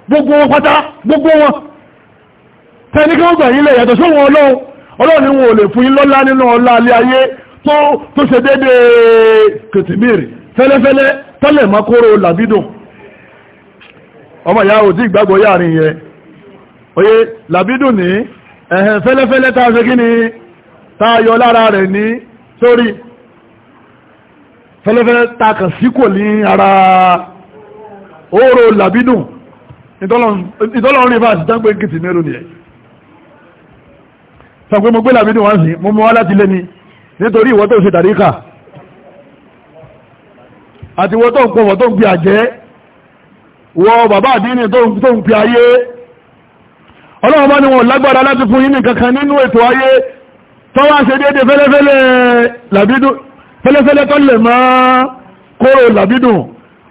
gbogbo wọn gbogbo wọn tẹ́ ní kí wọ́n gbà yìí lẹ̀ yàtọ̀ sóhun ọlọ́run ọlọ́run ni tó tó ṣe dédé kìtìmírì fẹ́lẹ́fẹ́lẹ́ tọ́lẹ̀ mọ́ kóró làbídùn ọmọ ìyá ò tí ìgbàgbọ́ yàrin yẹn oye làbídùn ní ẹ̀hẹ̀n fẹ́lẹ́fẹ́lẹ́ tá ṣe kí ni tá a yọ lára rẹ̀ ní sórí fẹ́lẹ́fẹ́lẹ́ tá a sí kò ní ara oòrò làbídùn ìtọ́lọ́rin bá ti dágbé kìtìmírì nìyẹn sọ pé mo gbé làbídùn wá sí mo mú láti lé ni nítorí ìwọ tó ṣe tàríkà àti ìwọ tó ń pọ̀wọ̀ tó ń pè àjẹ́ wọ bàbá àdínì tó ń pè ayé ọlọ́wọ́ bá ní wọn lágbára láti fún yín kankan nínú ètò ayé tọ́wọ́ ṣe déédé fẹ́lẹ́fẹ́lẹ́ tó lè máa kóró làbídùn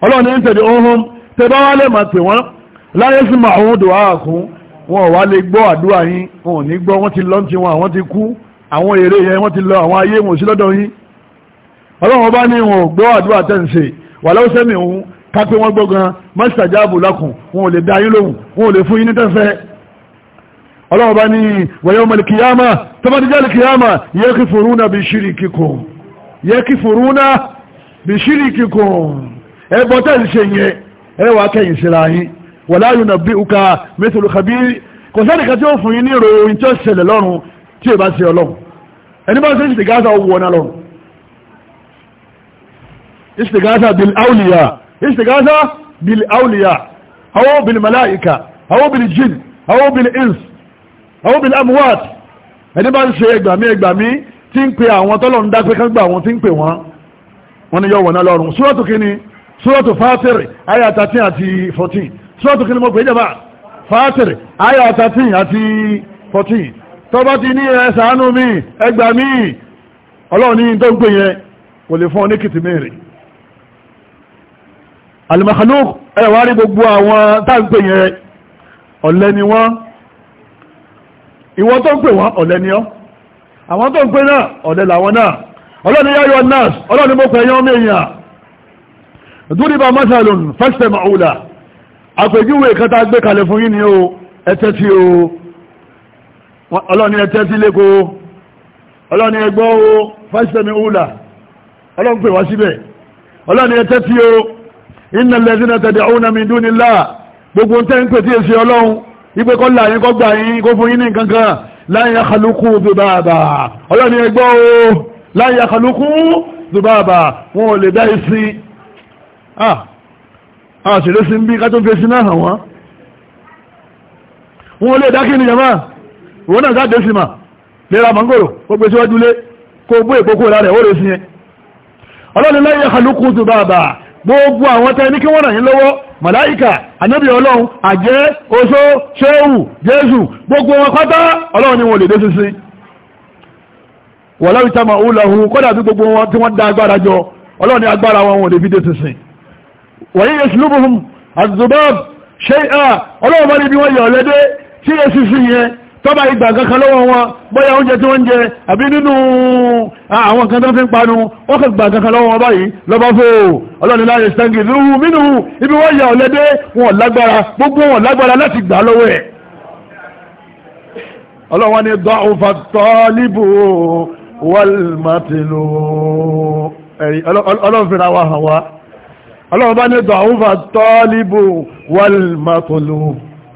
ọlọ́wọ́ ní ń tẹ̀lé ohun tẹ bá wálé máa pè wọ́n láyé sí máa òun dùn áàkún wọn wá lè gbọ́ àdúrà yín wọn ò ní gbọ́ wọ́n ti lọ́ntí wọn àwọn ti kú àwọn èrè yẹn wọ́n ti lọ àwọn ayé wọn sí lọ́dọ̀ yín ọlọ́run ọba ní wọn gbọ́ àdúrà tẹ̀sí wà lọ́sẹ̀mì òun kápẹ́ wọn gbọ́gan mọ́sàjáàbù lákùn wọn ò lè dá yín lóhùn wọn ò lè fún yín ní tẹ́fẹ́ ọlọ́run ọba ní wọ̀nyẹ́ ọmọ ìkìyàmà tọ́mọdéjà ìkìyàmà yẹ kí fòrúnà bí ṣírí kíkùn yẹ kí fòrúnà bí ṣírí kíkùn ẹbọ tẹ̀sí yẹn ẹ wà kẹyìn síra yín wọ̀láyùn nàbí uka mẹ́tòlù kò sẹ́nìkan tí o bá ṣe ọlọ́run ẹni bá ṣe ìsìgáṣà owó ọ̀nà lọ ìsìgáṣà bil awliya ìsìgáṣà bil awliya aw bil malaika aw bil jin aw bil ins aw bil amwat ẹni bá ṣe ẹgbàmí ẹgbàmí tí ń pe àwọn tọ́lọ̀ ń dápẹ́ kán gbà wọn tí ń pe wọn wọn ni yọ wọ̀nà lọ́rùn súrọ́tù kíni súrọ́tù fátìrì ayà 13 àti 14 súrọ́tù kíni mo pè é jẹba fátìrì ayà 13 àti 14 tọ́bá ti ní ẹ ṣàánú mi ẹ gbà mí ọlọ́run ní tó ń pè yẹn kò lè fún ọ ní kìtìmẹ́rì al-makhluq ẹ wá rí gbogbo àwọn tá ń pè yẹn ọ̀lẹ ni wọ́n ìwọ tó ń pè wọ́n ọ̀lẹ ni ọ́ àwọn tó ń pè náà ọ̀lẹ làwọn náà ọlọ́ni yáyọ nas ọlọ́ni mọ́kọ̀ ẹ̀yọ́ mẹ́yàn dúríbà masalun fastami'u la àpèjúwe kẹta gbé kalẹ̀ fún yín ni ó ẹtẹ́ tí ó ọlọ́ni ẹ tẹ́tí léko ọlọ́ni ẹ gbọ́ o fásitẹ́mi húlà ọlọ́n pè wá síbẹ̀ ọlọ́ni ẹ tẹ́tí o iná lẹ́sìnà tẹ̀dẹ̀ ọ̀hún àmì ìdúni láà gbogbo ń tẹ́ ń pè tí èsì ọlọ́run ipé kọ́ láyín kọ́ gbà yín kó fún yín ní nǹkan kan láyín àkàlùkù ọlọ́ni ẹ gbọ́ o láyín àkàlùkù dùbàbà wọn ò lè dá ìsìn ah ah ṣèlésìn bí ká tó fi ẹsìn náà hàn wọ́n wọn ò lè dá kí ni jama ìwọ náà sáà dé sí ma lera mangoro ó gbé síwájú lé kó gbé ìkókó lára ẹ̀ ó rè sí yẹn ọlọ́run láyé àlùkù tó bàbà gbogbo àwọn tẹ́ ní kí wọ́n ràn lọ́wọ́ màláìkà anábì ọlọ́run àjẹ́ oṣó ṣéhù jésù gbogbo wọn pátá ọlọ́run ni lè dé sísí kọ́dà gbogbo wọn tí wọ́n jọ ọlọ́run ni agbára wọn lè fi dé sísí tọ́ba ìgbà kankan lọ́wọ́ wọn bóyá oúnjẹ tí wọ́n jẹ àbí nínú àwọn kan tó fi ń panu ó kẹ́ gbà kankan lọ́wọ́ wọn báyìí lọ́bá fò ọlọ́ni láyé stangi lúhù mínú ibi wọ́n yà ọ̀lẹ́dẹ́ wọn lágbára gbogbo wọn lágbára láti gbà lọ́wọ́ ẹ̀ ọlọ́wọ́n ni dọ́ọ̀fà tọ́líbù wọ́lmátìlú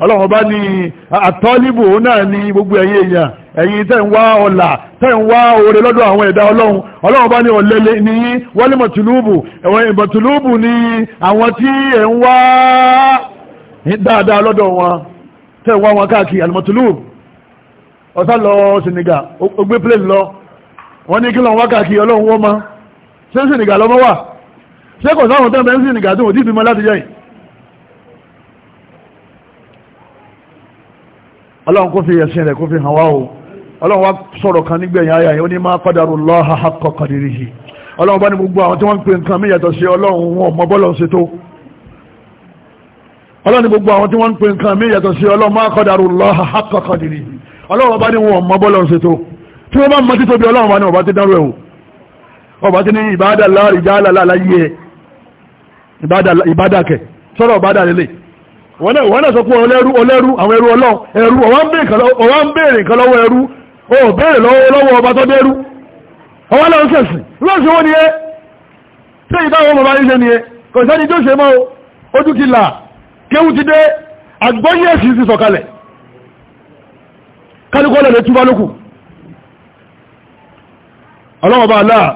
ọlọ́run bá ní àtọ́líbù náà ní gbogbo ẹ̀yin èèyàn ẹ̀yin tẹ́ ń wá ọlà tẹ́ ń wá oore lọ́dọ̀ àwọn ẹ̀dá ọlọ́run ọlọ́run bá ní ọ̀lẹ́lẹ́ ní wọ́lé mọ̀tìlúbù ẹ̀wọ̀n ìmọ̀tìlúbù ní àwọn tí ẹ̀ ń wá dáadáa lọ́dọ̀ wọn tẹ́ ń wá wọn káàkiri àlùmọ̀tìlúbù ọ̀sá lọ Senegal ó gbé plane lọ wọ́n ní kí lọ́n wá káàkiri ọlọ́run wọ́n mọ́ ṣé Senegal lọ́mọ́ wà ṣé kò sáwọn tẹ́ ọlọ́run kó fi ẹ̀sìn rẹ̀ kó fi hàn wá o ọlọ́run wá sọ̀rọ̀ kan nígbẹ̀yìn ayà yìí ó ní máa qadarullaha haqqa qadrihi ọlọ́run bá ní gbogbo àwọn tí wọ́n ń pè nǹkan mí yàtọ̀ sí ọlọ́run wọn mọ bọ́lọ̀ ṣe tó ọlọ́run ní gbogbo àwọn tí wọ́n ń pè nǹkan mí yàtọ̀ sí ọlọ́run máa qadarullaha haqqa qadrihi ọlọ́run bá ní ọlọ́run wọ́n náà sọ pé ọlẹ́rú ọlẹ́rú àwọn ẹrú ọlọ́ ẹrú ọwá ń bèèrè nǹkan lọ́wọ́ ẹrú o bèèrè lọ́wọ́ ọba tó dérú ọwá lọ́wọ́ sẹ̀sì lọ́sí wọ́n ni ẹ́ tí ìdáwọn ọmọ bá ṣe ni ẹ kò sẹ́ni tó ṣe mọ́ ojú ti là kéwú ti dé ti sọ̀kalẹ̀ kálukọ́ lẹ̀ lè túbá lókù ọlọ́wọ́ bá aláà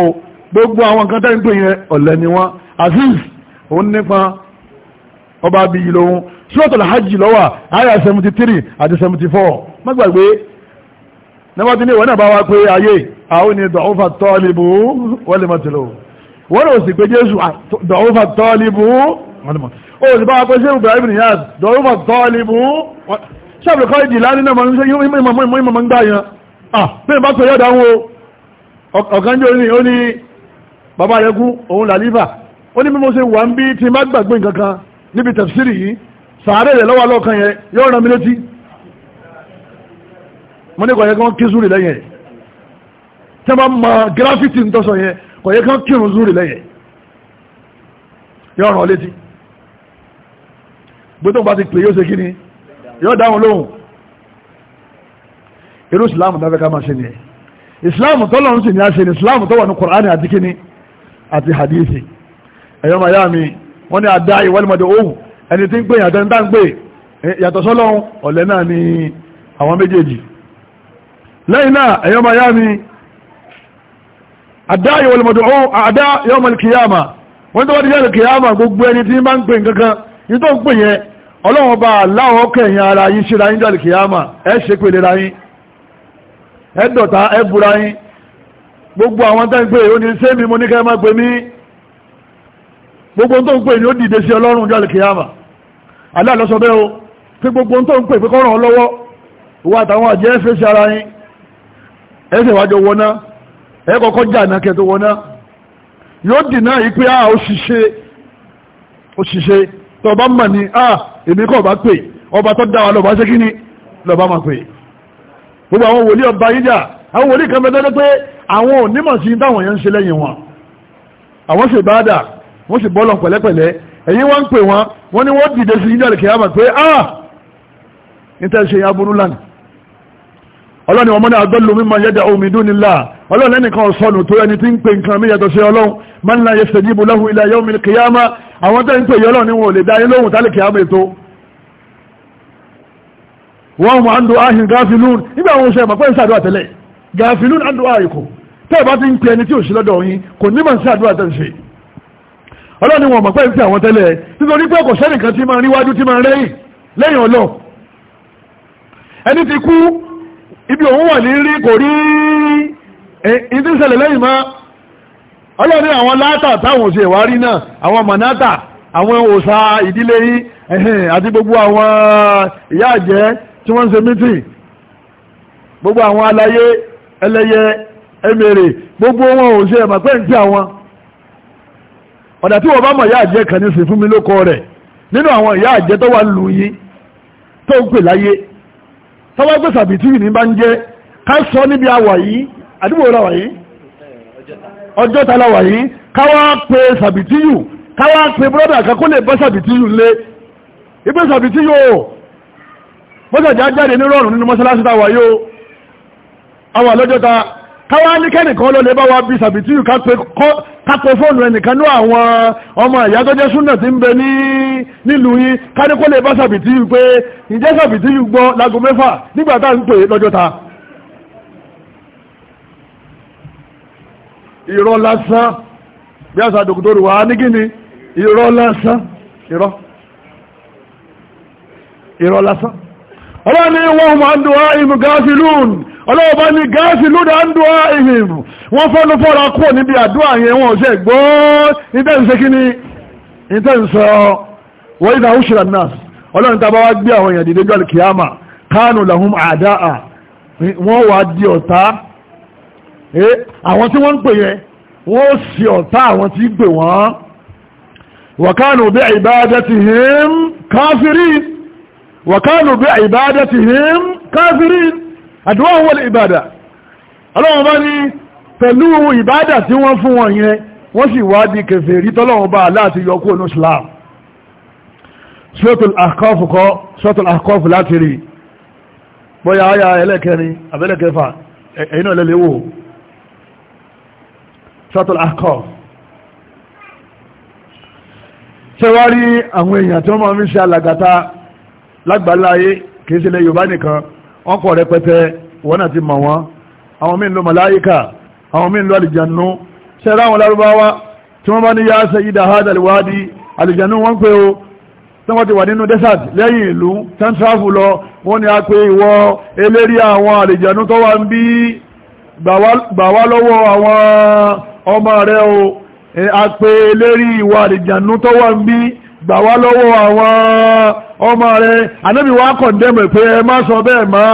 ó ní gbogbo àwọn nǹkan tẹ́ ń pè yẹn ọ̀lẹ́ ni wọ́n aziz òun nípa ọba abiy lòun suratul hajj lọ́wà àyà seventy three àti seventy four má gbàgbé nígbà tí ní ìwọ náà bá wá pé ayé àwọn ni dọ̀ọ́fà tọ́ọ̀lìbù wọ́n lè mọ̀ tìlò wọ́n lè sì pé jésù dọ̀ọ́fà tọ́ọ̀lìbù wọ́n lè mọ̀ ó sì bá wá pé ṣé ibrahim niyaz dọ̀ọ́fà tọ́ọ̀lìbù ṣàbùrù kọ́ ìdì láti náà máa ń ṣe yíwọ́n mọ̀ ń gbà yẹn ah bí n bá pè yọ̀dà wọn ni jẹ́ òní bàbá rẹ̀ kú òun làlífà ó ní mímọ́ ṣe wà ń bí tí má gbàgbé nǹkan kan níbi tafsiri yìí sàárẹ̀ rẹ̀ lọ́wọ́ lọ́kàn yẹn yóò rán mi létí mo ní kọ̀yẹ́ kan kí zúrì lẹ́yìn ẹ̀ tí wọ́n mọ gíráfìtì ń tọ́sọ yẹn kọ̀yẹ́ kan kírun zúrì lẹ́yìn yóò rán létí gbótó bá ti pè yóò ṣe kí ni yóò dáhùn lóhùn irú ìsìláàmù dáfẹ́ ká máa ṣe ni ìsìláàmù tọ́lọ́run sì ní a ṣe ni ìsìláàmù tọ́wọ́ ní Kùránì ni àti hadithi ẹ̀yọ́ màyá mi wọ́n ní àdá ìwọ́lùmọ̀dẹ̀ òun ẹni tí ń pè yàtọ̀ ní dáńgbé yàtọ̀ sọ́lọ́run ọ̀lẹ́ náà ni àwọn méjèèjì lẹ́yìn náà ẹ̀yọ́ màyá mi àdá ìwọ́lùmọ̀dẹ̀ òun àdá yọ́mọ̀ kìyàmà gbogbo ẹni gbogbo àwọn tó ń pè ó ní sẹ́mi mo ní ká máa pè mí gbogbo tó ń pè ní ó dìde sí ọlọ́run jọ lè kíyàmà Allah ló sọ bẹ́ẹ̀ o pé gbogbo tó ń pè pé kọ́ràn ọlọ́wọ́ ìwà àtàwọn àjẹ́ fèsì ara yín ẹsẹ̀ wájọ wọná ẹ kọ́kọ́ jà náà kẹtọ wọná yóò dìná yìí pé ah òṣìṣẹ́ òṣìṣẹ́ tó bá mà ní ah èmi kọ́ bá pè ọba tó dá wa lọ́ba ṣé kí lọ́ba máa pè gbogbo àwọn wòlíì ọba yín àwọn wòlíì kan bẹ́ẹ̀ àwọn onímọ̀ sí táwọn yẹn ń ṣe lẹ́yìn wọn àwọn ṣe báadà wọ́n ṣe bọ́ọ̀lọ̀ pẹ̀lẹ́pẹ̀lẹ́ ẹ̀yìn wọ́n ń pè wọ́n wọ́n ni wọ́n dìde sí ìjọ́ ìkẹyàmà pé ah níta ṣe ya burú lánàá ọlọ́ni ọmọdé àgbẹ́lú mímọ̀ yẹ́dà omidú nílá ọlọ́ni ẹnìkan sọnù tó ẹni tí ń pè nǹkan míyàtọ̀ sí ọlọ́run man la yastajibu lahu ila yawmil qiyama àwọn tẹ́ ń pè yọ́lọ́ ni wọn ò lè dá yín lóhùn tálẹ̀ kìyàmà ètò wọ́n mọ̀ andu ahin gafilun nígbà wọn ṣe mọ̀ pé ń sàdó àtẹ́lẹ̀ gáfilún àndó ahìkùn tẹ́ ẹ bá ti ń pe ẹni tí ò sí lọ́dọ̀ yín kò ní màá sí àdúrà tẹ̀ ṣe ọlọ́ni wọn mọ̀ pé ń fi àwọn tẹ́lẹ̀ nítorí pé kò sẹ́nìkan tí máa ríwájú tí máa rẹ́yìn lẹ́yìn ọlọ́ ẹni ti kú ibi òun wà ní rí kò rí ìdí ìṣẹ̀lẹ̀ lẹ́yìn máa ọlọ́ni àwọn látà táwọn òṣè wá rí náà àwọn mọ̀nátà àwọn òòṣà ìdílé yín àti gbogbo àwọn ìyá àjẹ́ tí wọ́n ń ṣe mítì gbogbo àwọn aláyé ẹlẹ́yẹ emere gbogbo wọn ò ṣe ẹ̀mà pẹ́ ń tí àwọn ọ̀dà tí wọ́n bá mọ̀ ìyá àjẹ́ kan ní sí fún mi lóko rẹ̀ nínú àwọn ìyá àjẹ́ tó wà lù yín tó ń sọ níbi àwà yìí àdúgbò ra wà yìí ọjọ́ ta la wà yìí pe sàbìtì yìí káwá pe bọ́dà kan kó lè bọ́ sàbìtì lé o mọ́sàjà jáde nírọ̀rùn nínú mọ́sálásí ta wà yìí o lọ́jọ́ káwá ní kẹ́nìkan ló lè bá wa bí sàbìtì yìí kápẹ́ fóònù ẹnìkan ní àwọn ọmọ ìyá tó jẹ́ súnà tí ń bẹ ní nílùú yìí kárí kó lè bá sàbìtì yìí pé ìjẹ́ sàbìtì yìí gbọ́ láago mẹ́fà nígbà tá ń pè lọ́jọ́ ta. irọ́ lásán bí àṣà dòkòtòrò wà á ní kíni irọ́ lásán irọ́ lásán ọlọ́run ní wọ́n máa ń dùn áìmù gáàsì lóòn ọlọ́ọ̀bá ní gáàsì lóòn á ń dùn áìmù wọ́n fọ́nú fọ́ra kúrò níbi àdúrà yẹn wọ́n ṣe gbọ́ ni ìtẹ́ǹsẹ́ wọ́n ìdá òṣìlá náà ọlọ́run tàbá wá gbé àwọn èèyàn di ọ̀tá àwọn tí wọ́n ń pè yẹn wọ́n sì ọ̀tá àwọn tí ń pè wọ́n wọ̀kánù bí ìbájẹ́ ti hìm káfírin wàkánù bí àìbádá ti hìm káfírin àdúwà wọlé ìbádà ọlọ́run bá ní pẹ̀lú ìbádà tí wọ́n fún wọn yẹn wọ́n sì wá di kèfèrí tọ́lọ́run bá láti yọkú onú islam suratul Ahqaf láti rí bóyá ayá ẹlẹ́kẹrin abẹ́lẹ́kẹfà ẹ̀yìn ọ̀lẹ́lẹ́wò suratul Ahqaf ṣe wá rí àwọn èèyàn tí wọ́n máa ń ṣe alàgàtà lágbàláyé kìí sílẹ̀ yorùbá nìkan wọ́n pọ̀ rẹpẹtẹ wọ́n náà ti mọ̀ wọ́n àwọn míì ń lo màláyíkà àwọn míì ń lo àlìjànú ṣẹ́rá àwọn lárúbáwá tí wọ́n bá ní yá sayida hada alwadi àlìjànú wọ́n pé o tí wọ́n ti wà nínú desert lẹ́yìn ìlú tẹ́ńtráfù lọ wọ́n ní a pé ìwọ àwọn àlìjànú tó wà ń bí gbà wá lọ́wọ́ àwọn ọmọ rẹ̀ o a pé eléri àlìjànú tó wà ń bí gbà wá lọ́wọ́ àwọn ọmọ rẹ̀ anábì wa kọ̀ndẹ́mù pé ẹ má sọ bẹ́ẹ̀ mọ́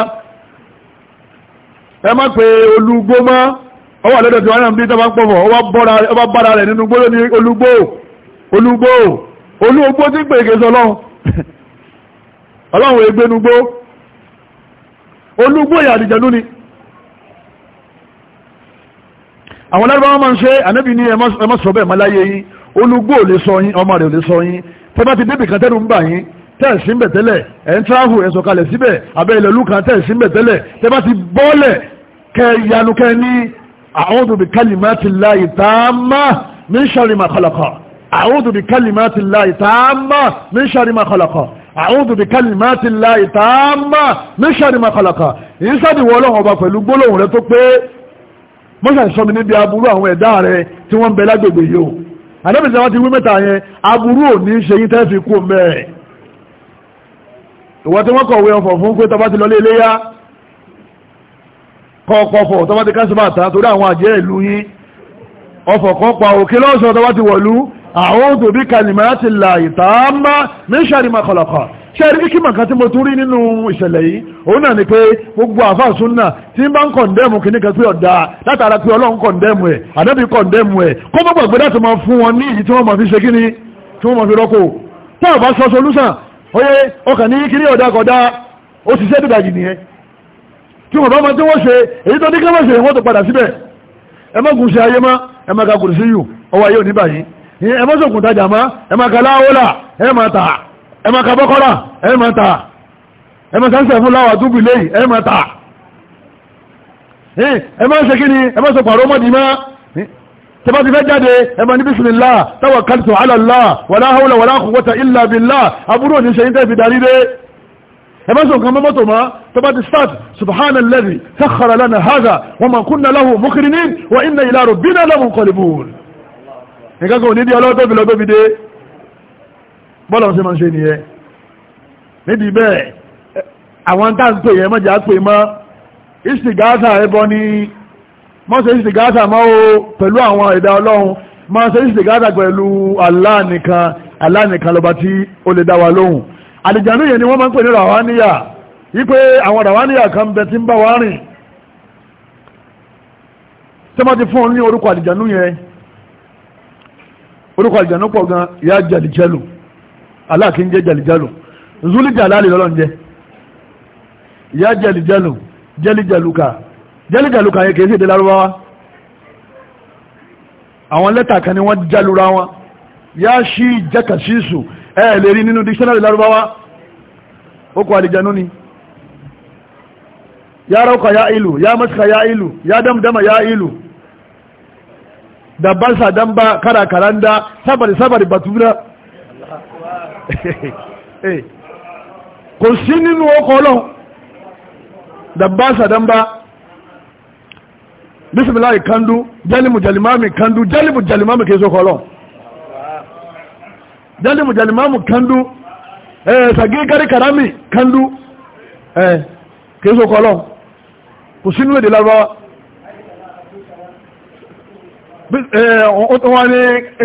ẹ má pé olúgbó mọ́ ọ wà lọ́dọ̀ tí wọ́n náà bí tọ́ba ń pọ̀fọ̀ ọ bá bára rẹ̀ nínú gbóló ní olúgbó olúgbó olúgbó tí pè kéṣọ ọlọ́run ọlọ́run ègbénugbó olúgbó ìyà àdìjẹ̀lú ni àwọn lárúbáwọ́ máa ń ṣe ànábì ní ẹ má sọ bẹ́ẹ̀ mọ́ láyé yín olúgbó ò lè sọ yín ọmọ rẹ̀ ò lè sọ yín tẹ́bá ti débì kan tẹ́rù ń bà yín tẹ́ẹ̀sí ń bẹ̀ tẹ́lẹ̀ ẹ̀ ń tíráhù ẹ̀ sọ̀kalẹ̀ síbẹ̀ abẹ́ ilẹ̀ olúkan tẹ́ẹ̀sí ń bẹ̀ tẹ́lẹ̀ tẹ́ bá ti bọ́ọ̀lẹ̀ kẹ́ yanu kẹ́ ní a'udhu bi kalimati llahi tamma min sharri ma khalaqa a'udhu bi kalimati llahi tamma min sharri ma khalaqa a'udhu bi kalimati llahi tamma min sharri ma khalaqa yìí sádìwọ́ ọlọ́run ọba pẹ̀lú gbólóhùn rẹ tó pé mọ́sà ìsọmi níbi aburú àwọn ẹ̀dá rẹ tí wọ́n ti wí mẹ́ta yẹn aburú ò ní ṣe ìwọ tí wọ́n kọ̀wé ọ̀fọ̀ fún pé tọba ti lọ léèlé yá kọ́ọ̀kọ́fọ̀ tọba ti káṣíbà tán torí àwọn àjẹ́ ìlú yín ọ̀fọ̀ kan pa òkè lọ́sọ̀ tọba ti wọ̀lú a'udhu bi kalimati llahi tamma min sharri ma khalaqa ṣẹ́rí kí màkà tí mo tún rí nínú ìṣẹ̀lẹ̀ yìí òun náà ni pé gbogbo àfáà súnà tí ń bá ń kọ̀ndẹ́mù kìíní kan pé ọ̀dà látara pé ọlọ́run kọ̀ndẹ́mù ẹ̀ àdẹ́bí kọ̀ndẹ́mù ẹ̀ kó mọ́ gbàgbé láti máa fún wọn ní ìyí tí wọ́n máa fi ṣe kíni tí wọ́n máa fi rọ́kò tá a bá sọ solúsàn onye ọka ní kiri ọ̀dàkọ̀dá ó ti sẹ́dùdà jì nìyẹn tí wọ́n bá máa tí wọ́n síbẹ̀ ayé ka kùrùsí yù ọwọ́ ayé òní báyìí ẹ má sọ̀kùn ma má ka láwọ́là ẹ ta ẹ ka bọ́kọ́rà ẹ ta ẹ má fún láwà tó bìlẹ̀ ẹ ta ẹ má ṣe sọ tọba ti fẹ́ jáde ẹmọ ní bísmìlá tawakkaltu ala Allah wala hawla wala quwwata illa billah abúrò ní ṣeyín tẹ́fì darí dé ẹmọ́sùn kan mọ́mọ́tò ma tọba ti start subhanalladhi sakhkhara lana hadha wa ma kunna lahu muqrinin wa inna ila rabbina lamunqalibun nǹkan kan ò ní di ọlọ́tọ́bì lọ́gbẹ́bi dé bọ́lá ṣe máa ṣe nìyẹn níbi bẹ́ẹ̀ àwọn táà ń pè yẹn mọ́jà pè mọ́ ìsìgáàtà ẹbọ ní má ṣe ìsìgáàtà mọ́ o pẹ̀lú àwọn ẹ̀dá ọlọ́run má ṣe pẹ̀lú Allah nìkan Allah nìkan lọ́ba tí ó lè dá wa lóhùn àlìjànú yẹn ni wọ́n máa ń pè ní ràwáníyà wípé àwọn ràwáníyà kan bẹ tí ń bá wa rìn tí wọ́n ti Allah kì í jẹ́ jàlìjẹ́lù zúlì jàlálì lọ́lọ́ ń jẹ́ ìyá jàlìjẹ́lù jẹ́lìjẹ́lù jálùjálùkà yẹn kìí sí èdè lárúbáwá àwọn lẹ́tà kan ni wọ́n jálùra wọn yá sí jákàṣíṣù ẹ lè rí nínú dictionary lárúbáwá ó kọ àlìjẹnú ni yá rọ́kọ̀ yá ìlú yá mọ́síkà yá ìlú yá dámdámà yá ìlú dàbáṣà dámbá kàràkàrà ń dá sábàrì sábàrì bàtúrà eh, kò sí nínú ọkọ̀ ọlọ́run dàbáṣà dámbá bisimilayi kandu jalimu jalimami kandu jalimu jalimami kìí sókọ́ lọ jalimu jalimami kandu ẹ̀ eh, sàgí kárí karami kandu ẹ̀ eh, kìí sókọ́ lọ kò sínú èdè lárúbáwá wọ́n ni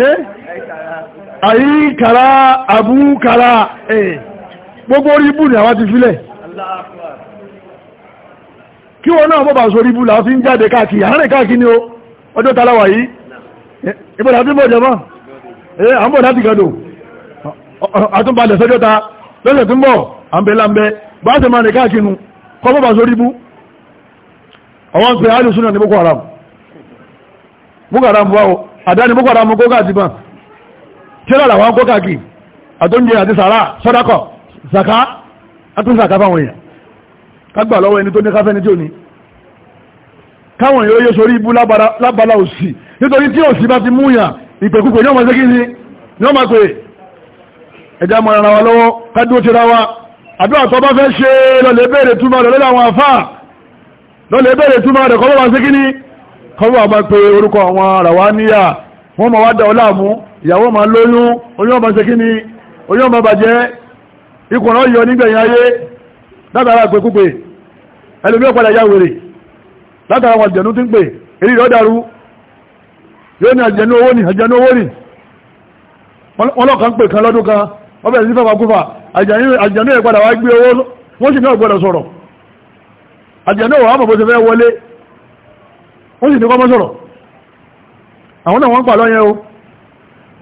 ẹ́ àyíkàrá àbúkàrá ẹ̀ gbogbo orí ibù ni àwọn ti filẹ̀ Allah kí wọn náà bọ́bà sórí bú láti ń jáde káàkiri àárín káàkiri ni ó ọjọ́ talawa yìí ìbọn eh, àti bọ́ jẹmọ́ ẹ̀ eh, à ń bọ̀ láti gẹ̀dọ̀ àtúnbalẹ̀ sọ́jọ́ ta lọ́sẹ̀ tó ń bọ̀ àmbẹ̀lámbẹ̀ bá ṣe máa rìn káàkiri nu kọ́ bọ́bà sórí bú àwọn pè áàlù súnà ní Boko Haram Boko Haram wá o àdáni Boko Haram kó káàkiri bá tí kágbà lọ́wọ́ ẹni tó ní káfẹ́ ní tí ò ní káwọn yóò yóò sórí ibú lábala òsì nítorí tí òsì bá ti múyàn ìpẹ̀kúkọ̀ yóò máa ni yóò máa pè ẹjá mọ̀ ara wa lọ́wọ́ kádúró ti ra wa àdúrà tó bá fẹ́ ṣe lọ́lẹ̀ bẹ̀rẹ̀ túmọ̀ rẹ̀ lọ́lẹ̀ àwọn àfà lọ́lẹ̀ bẹ̀rẹ̀ túmọ̀ rẹ̀ kọ́wọ́ ni kọ́wọ́ máa pe orúkọ àwọn ara wa níyà wọ́n máa wá da ọ ni oyún ọmọ bàjẹ́ ikùn náà yọ nígbẹ̀yìn ayé látara pé kúpe ẹlòmí ọ̀padà ya wèrè látara wọn àjẹ̀nú tí ń pè èyí rẹ̀ dàrú yóò ní àjẹ̀nú owó ní àjẹ̀nú owó ní wọn pè kan lọ́dún kan wọ́n sí fàfà kúfà àjẹ̀nú ẹ̀ padà gbé owó wọ́n sì náà soro. sọ̀rọ̀ àjẹ̀nú ọ̀ àmọ̀ bó ṣe fẹ́ o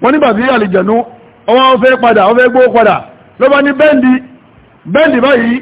wọ́n nígbà àlìjẹ̀nú ọwọ́ fẹ́ padà ọfẹ́ gbó padà ló bá ní bẹ́ndì bẹ́ndì báyìí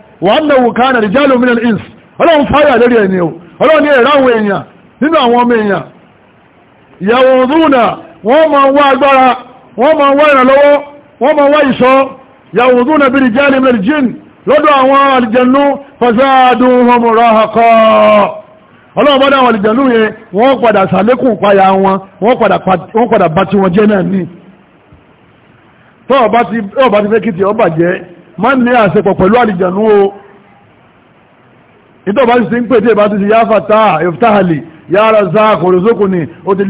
وأنه كان رجال من الإنس ọlọ́run fáyà lórí ẹni o ọlọ́run ní ẹ̀rá èèyàn nínú àwọn ọmọ èèyàn wọ́n ma wá agbára wọ́n ma wá ìrànlọ́wọ́ wọ́n ma wá ìṣọ́ ìyàwó òdúnà bí rìjáàlì mẹ́rin jìn lọ́dọ̀ àwọn àlìjẹ̀nú fasáàdùn ọmọ ràhàkọ́ ọlọ́run bá dáwọn àlìjẹ̀nú yẹn wọ́n padà sàlékùn páyà wọn wọ́n padà bá jẹ́ náà ní tọ́ọ̀ bá ti má ní àṣepọ̀ pẹ̀lú àlìjànú o ìtọ́ bá ti ń pè tí ìbá ti ti yá fàtà ìftáhàlì yá razak òrùsókù ni ó ti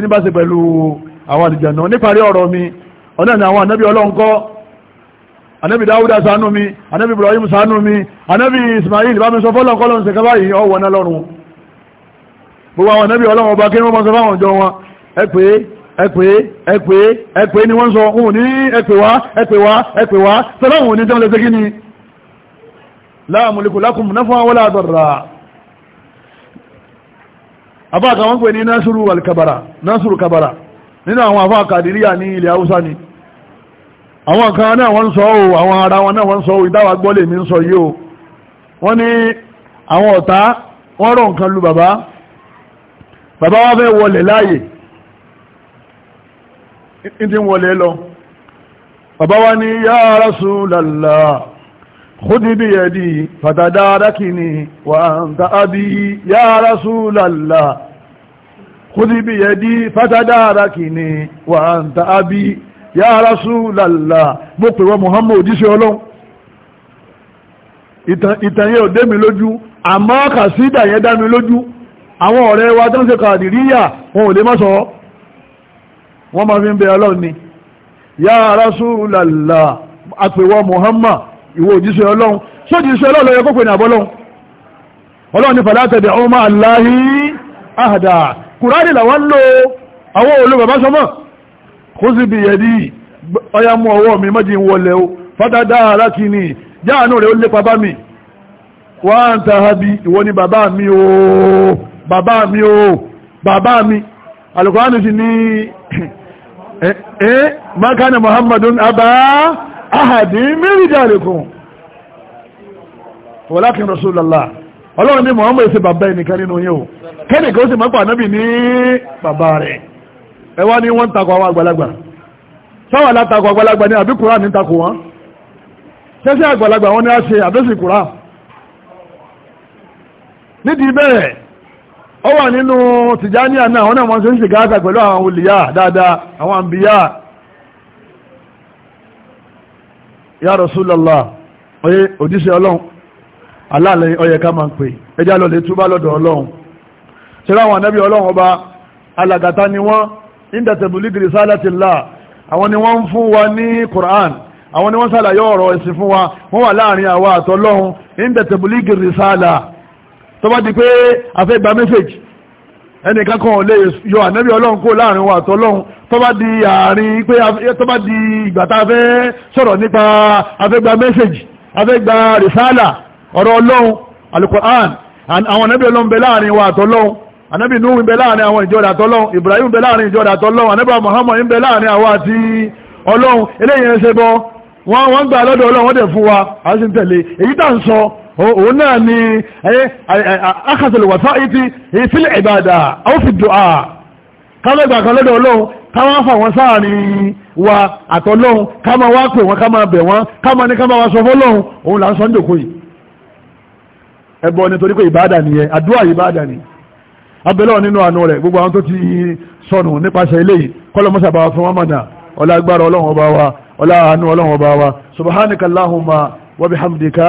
níbáṣe pẹ̀lú àwọn àlìjànú níparí ọ̀rọ̀ mi ọ̀nà ni àwọn ànábì ọlọ́nkọ́ ànábì dáúdà ṣàánú mi ànábì ibrahim ṣàánú mi ànábì ismail bá mi sọ fọ́lọ́kọ́lọ́ ṣe kábà yìí ọwọ́ náà lọ́rùn gbogbo àwọn ànábì ọlọ́run ọba kí ẹ̀pẹ́ ẹ̀pẹ́ ẹ̀pẹ́ ni wọ́n sọ ohun ní ẹ̀pẹ́ wá ẹ̀pẹ́ wá ẹ̀pẹ́ wá ní jẹ́mọ̀lẹ́ sí gíní la mulku lakum naf'a wala darra àbáka wọ́n pè ní násùrù kabara nínú àwọn àfáàkà dìríyà ní ilẹ̀ haúsá ni àwọn kan náà wọ́n sọ o àwọn ara wọn náà wọ́n sọ o ìdáwà gbọ́lẹ̀ mi ń sọ yìí o wọ́n ní àwọn ọ̀tá wọ́n rọ̀ nǹkan lu bàbá bàbá wá ìdí wọlé lọ bàbá wa ní ya Rasulallah khudi bi yadi fatadarakini wa anta abi ya Rasulallah khudi bi yadi fatadarakini wa anta abi ya Rasulallah mo pè wọ́n Muhammad òjíṣẹ́ ọlọ́run ìtàn yẹn ò dé mi lójú àmọ́ kàsídà yẹn dá mi lójú àwọn ọ̀rẹ́ wa tó ń ṣe kàdìríyà wọn ò lè má sọ wọ́n máa fi ń bẹ ọlọ́run ni ya Rasulallah àpèwọ́ Muhammad ìwọ òjíṣẹ́ ọlọ́run sójíṣẹ́ ọlọ́run lọ́yẹ kókò ní àbọ́lọ́run ọlọ́run ni fala tad'u ma'a Allahi ahada kùránì làwọn lò àwọn olú bàbá sọmọ́ khudh bi yadi ọya mú ọwọ́ mi mọ́jì wọlẹ̀ o fátádá alákìíní jáàánú rẹ̀ ó lépa bá mi wọ́n ń ta ha bí ìwọ ni bàbá mi o bàbá mi o bàbá mi alùkọ́ánù si ni, e eh, eh, makana muhammadun abá ahàdí mẹ́rìndínlẹ́kùn walakin rasulullah ọlọ́run ní muhammad sí bàbá ẹnìkan nínú yíò kẹ́nìkan ó sì mọ́pàá náà bí ní bàbá rẹ̀ ẹ ni ní wọ́n takọ̀ àwọn àgbàlagbà sáwà látakọ̀ àgbàlagbà ní àbí kùrán ní takọ̀ wọn ṣẹ́ṣẹ́ àgbàlagbà wọn ni a ṣe àbẹ́sì kùrán nídìí bẹ́ẹ̀ ó wà nínú tìjáníà náà àwọn náà wọ́n ṣe ń ṣe gáàsà pẹ̀lú àwọn olùyà dáadáa àwọn àmbíyà ya Rasulullah oye òjíṣẹ́ ọlọ́run aláàlẹ́ ọyẹ ká máa ń pè ẹjá lọ lè túbá lọ́dọ̀ ọlọ́run àwọn ni wọ́n inda tabligh risalatillah àwọn ni wọ́n ń fún wa ní Qur'an àwọn ni wọ́n ṣàlàyé ọ̀rọ̀ ẹ̀sìn fún wa wọ́n wà láàrin àwa àtọlọ́run inda tabligh risala tó bá di pé afẹ́ gba mẹ́sẹ̀gì ẹnìkan kan lè yọ ànábì ọlọ́run kó láàrin wa àtọ́lọ́run tó bá di àárín pé tó bá di ìgbà tá a fẹ́ sọ̀rọ̀ nípa afẹ́ gba mẹ́sẹ̀gì afẹ́ gba rìsálà ọ̀rọ̀ ọlọ́run alukoran àwọn ànábì ọlọ́run bẹ láàrin wa àtọ́lọ́run ànábì nuhu bẹ láàrin àwọn ìjọdà àtọ́lọ́run ibrahim bẹ láàrin ìjọdà àtọ́lọ́run ànábì muhammad bẹ láàrin àwa àti ọlọ́run eléyìí ẹsẹ̀ bọ́ wọ́n gbà lọ́dọ̀ ọlọ́run wọ́n dẹ̀ fún wa àti tẹ̀lé èyí tá à ń sọ òun náà ni akásọ̀lẹ̀ wàtá ìtì ìfílẹ̀ ìbàdà àwòfìdùà kálọ́gbà kan lọ́dọ̀ ọlọ́run káwọn fà wọn sáàrin wa àtọ́lọ́run ká máa wá pè wọn ká máa bẹ̀ wọn ká máa ní ká máa wá sọ fọ́lọ́run òun là ń sọ ń jòkó yìí ẹbọ nítorí pé ìbàdà nìyẹn ni abẹ́lọ́ nínú àánú rẹ̀ gbogbo àwọn tó ti sọnù nípasẹ̀ eléyìí kọ́lọ́mọ́sà bá wa fún wọn mọ̀nà ọlá agbára ọlọ́run ọba wa ọlá àánú ọlọ́run ọba wa subhanakallahumma wa bihamdika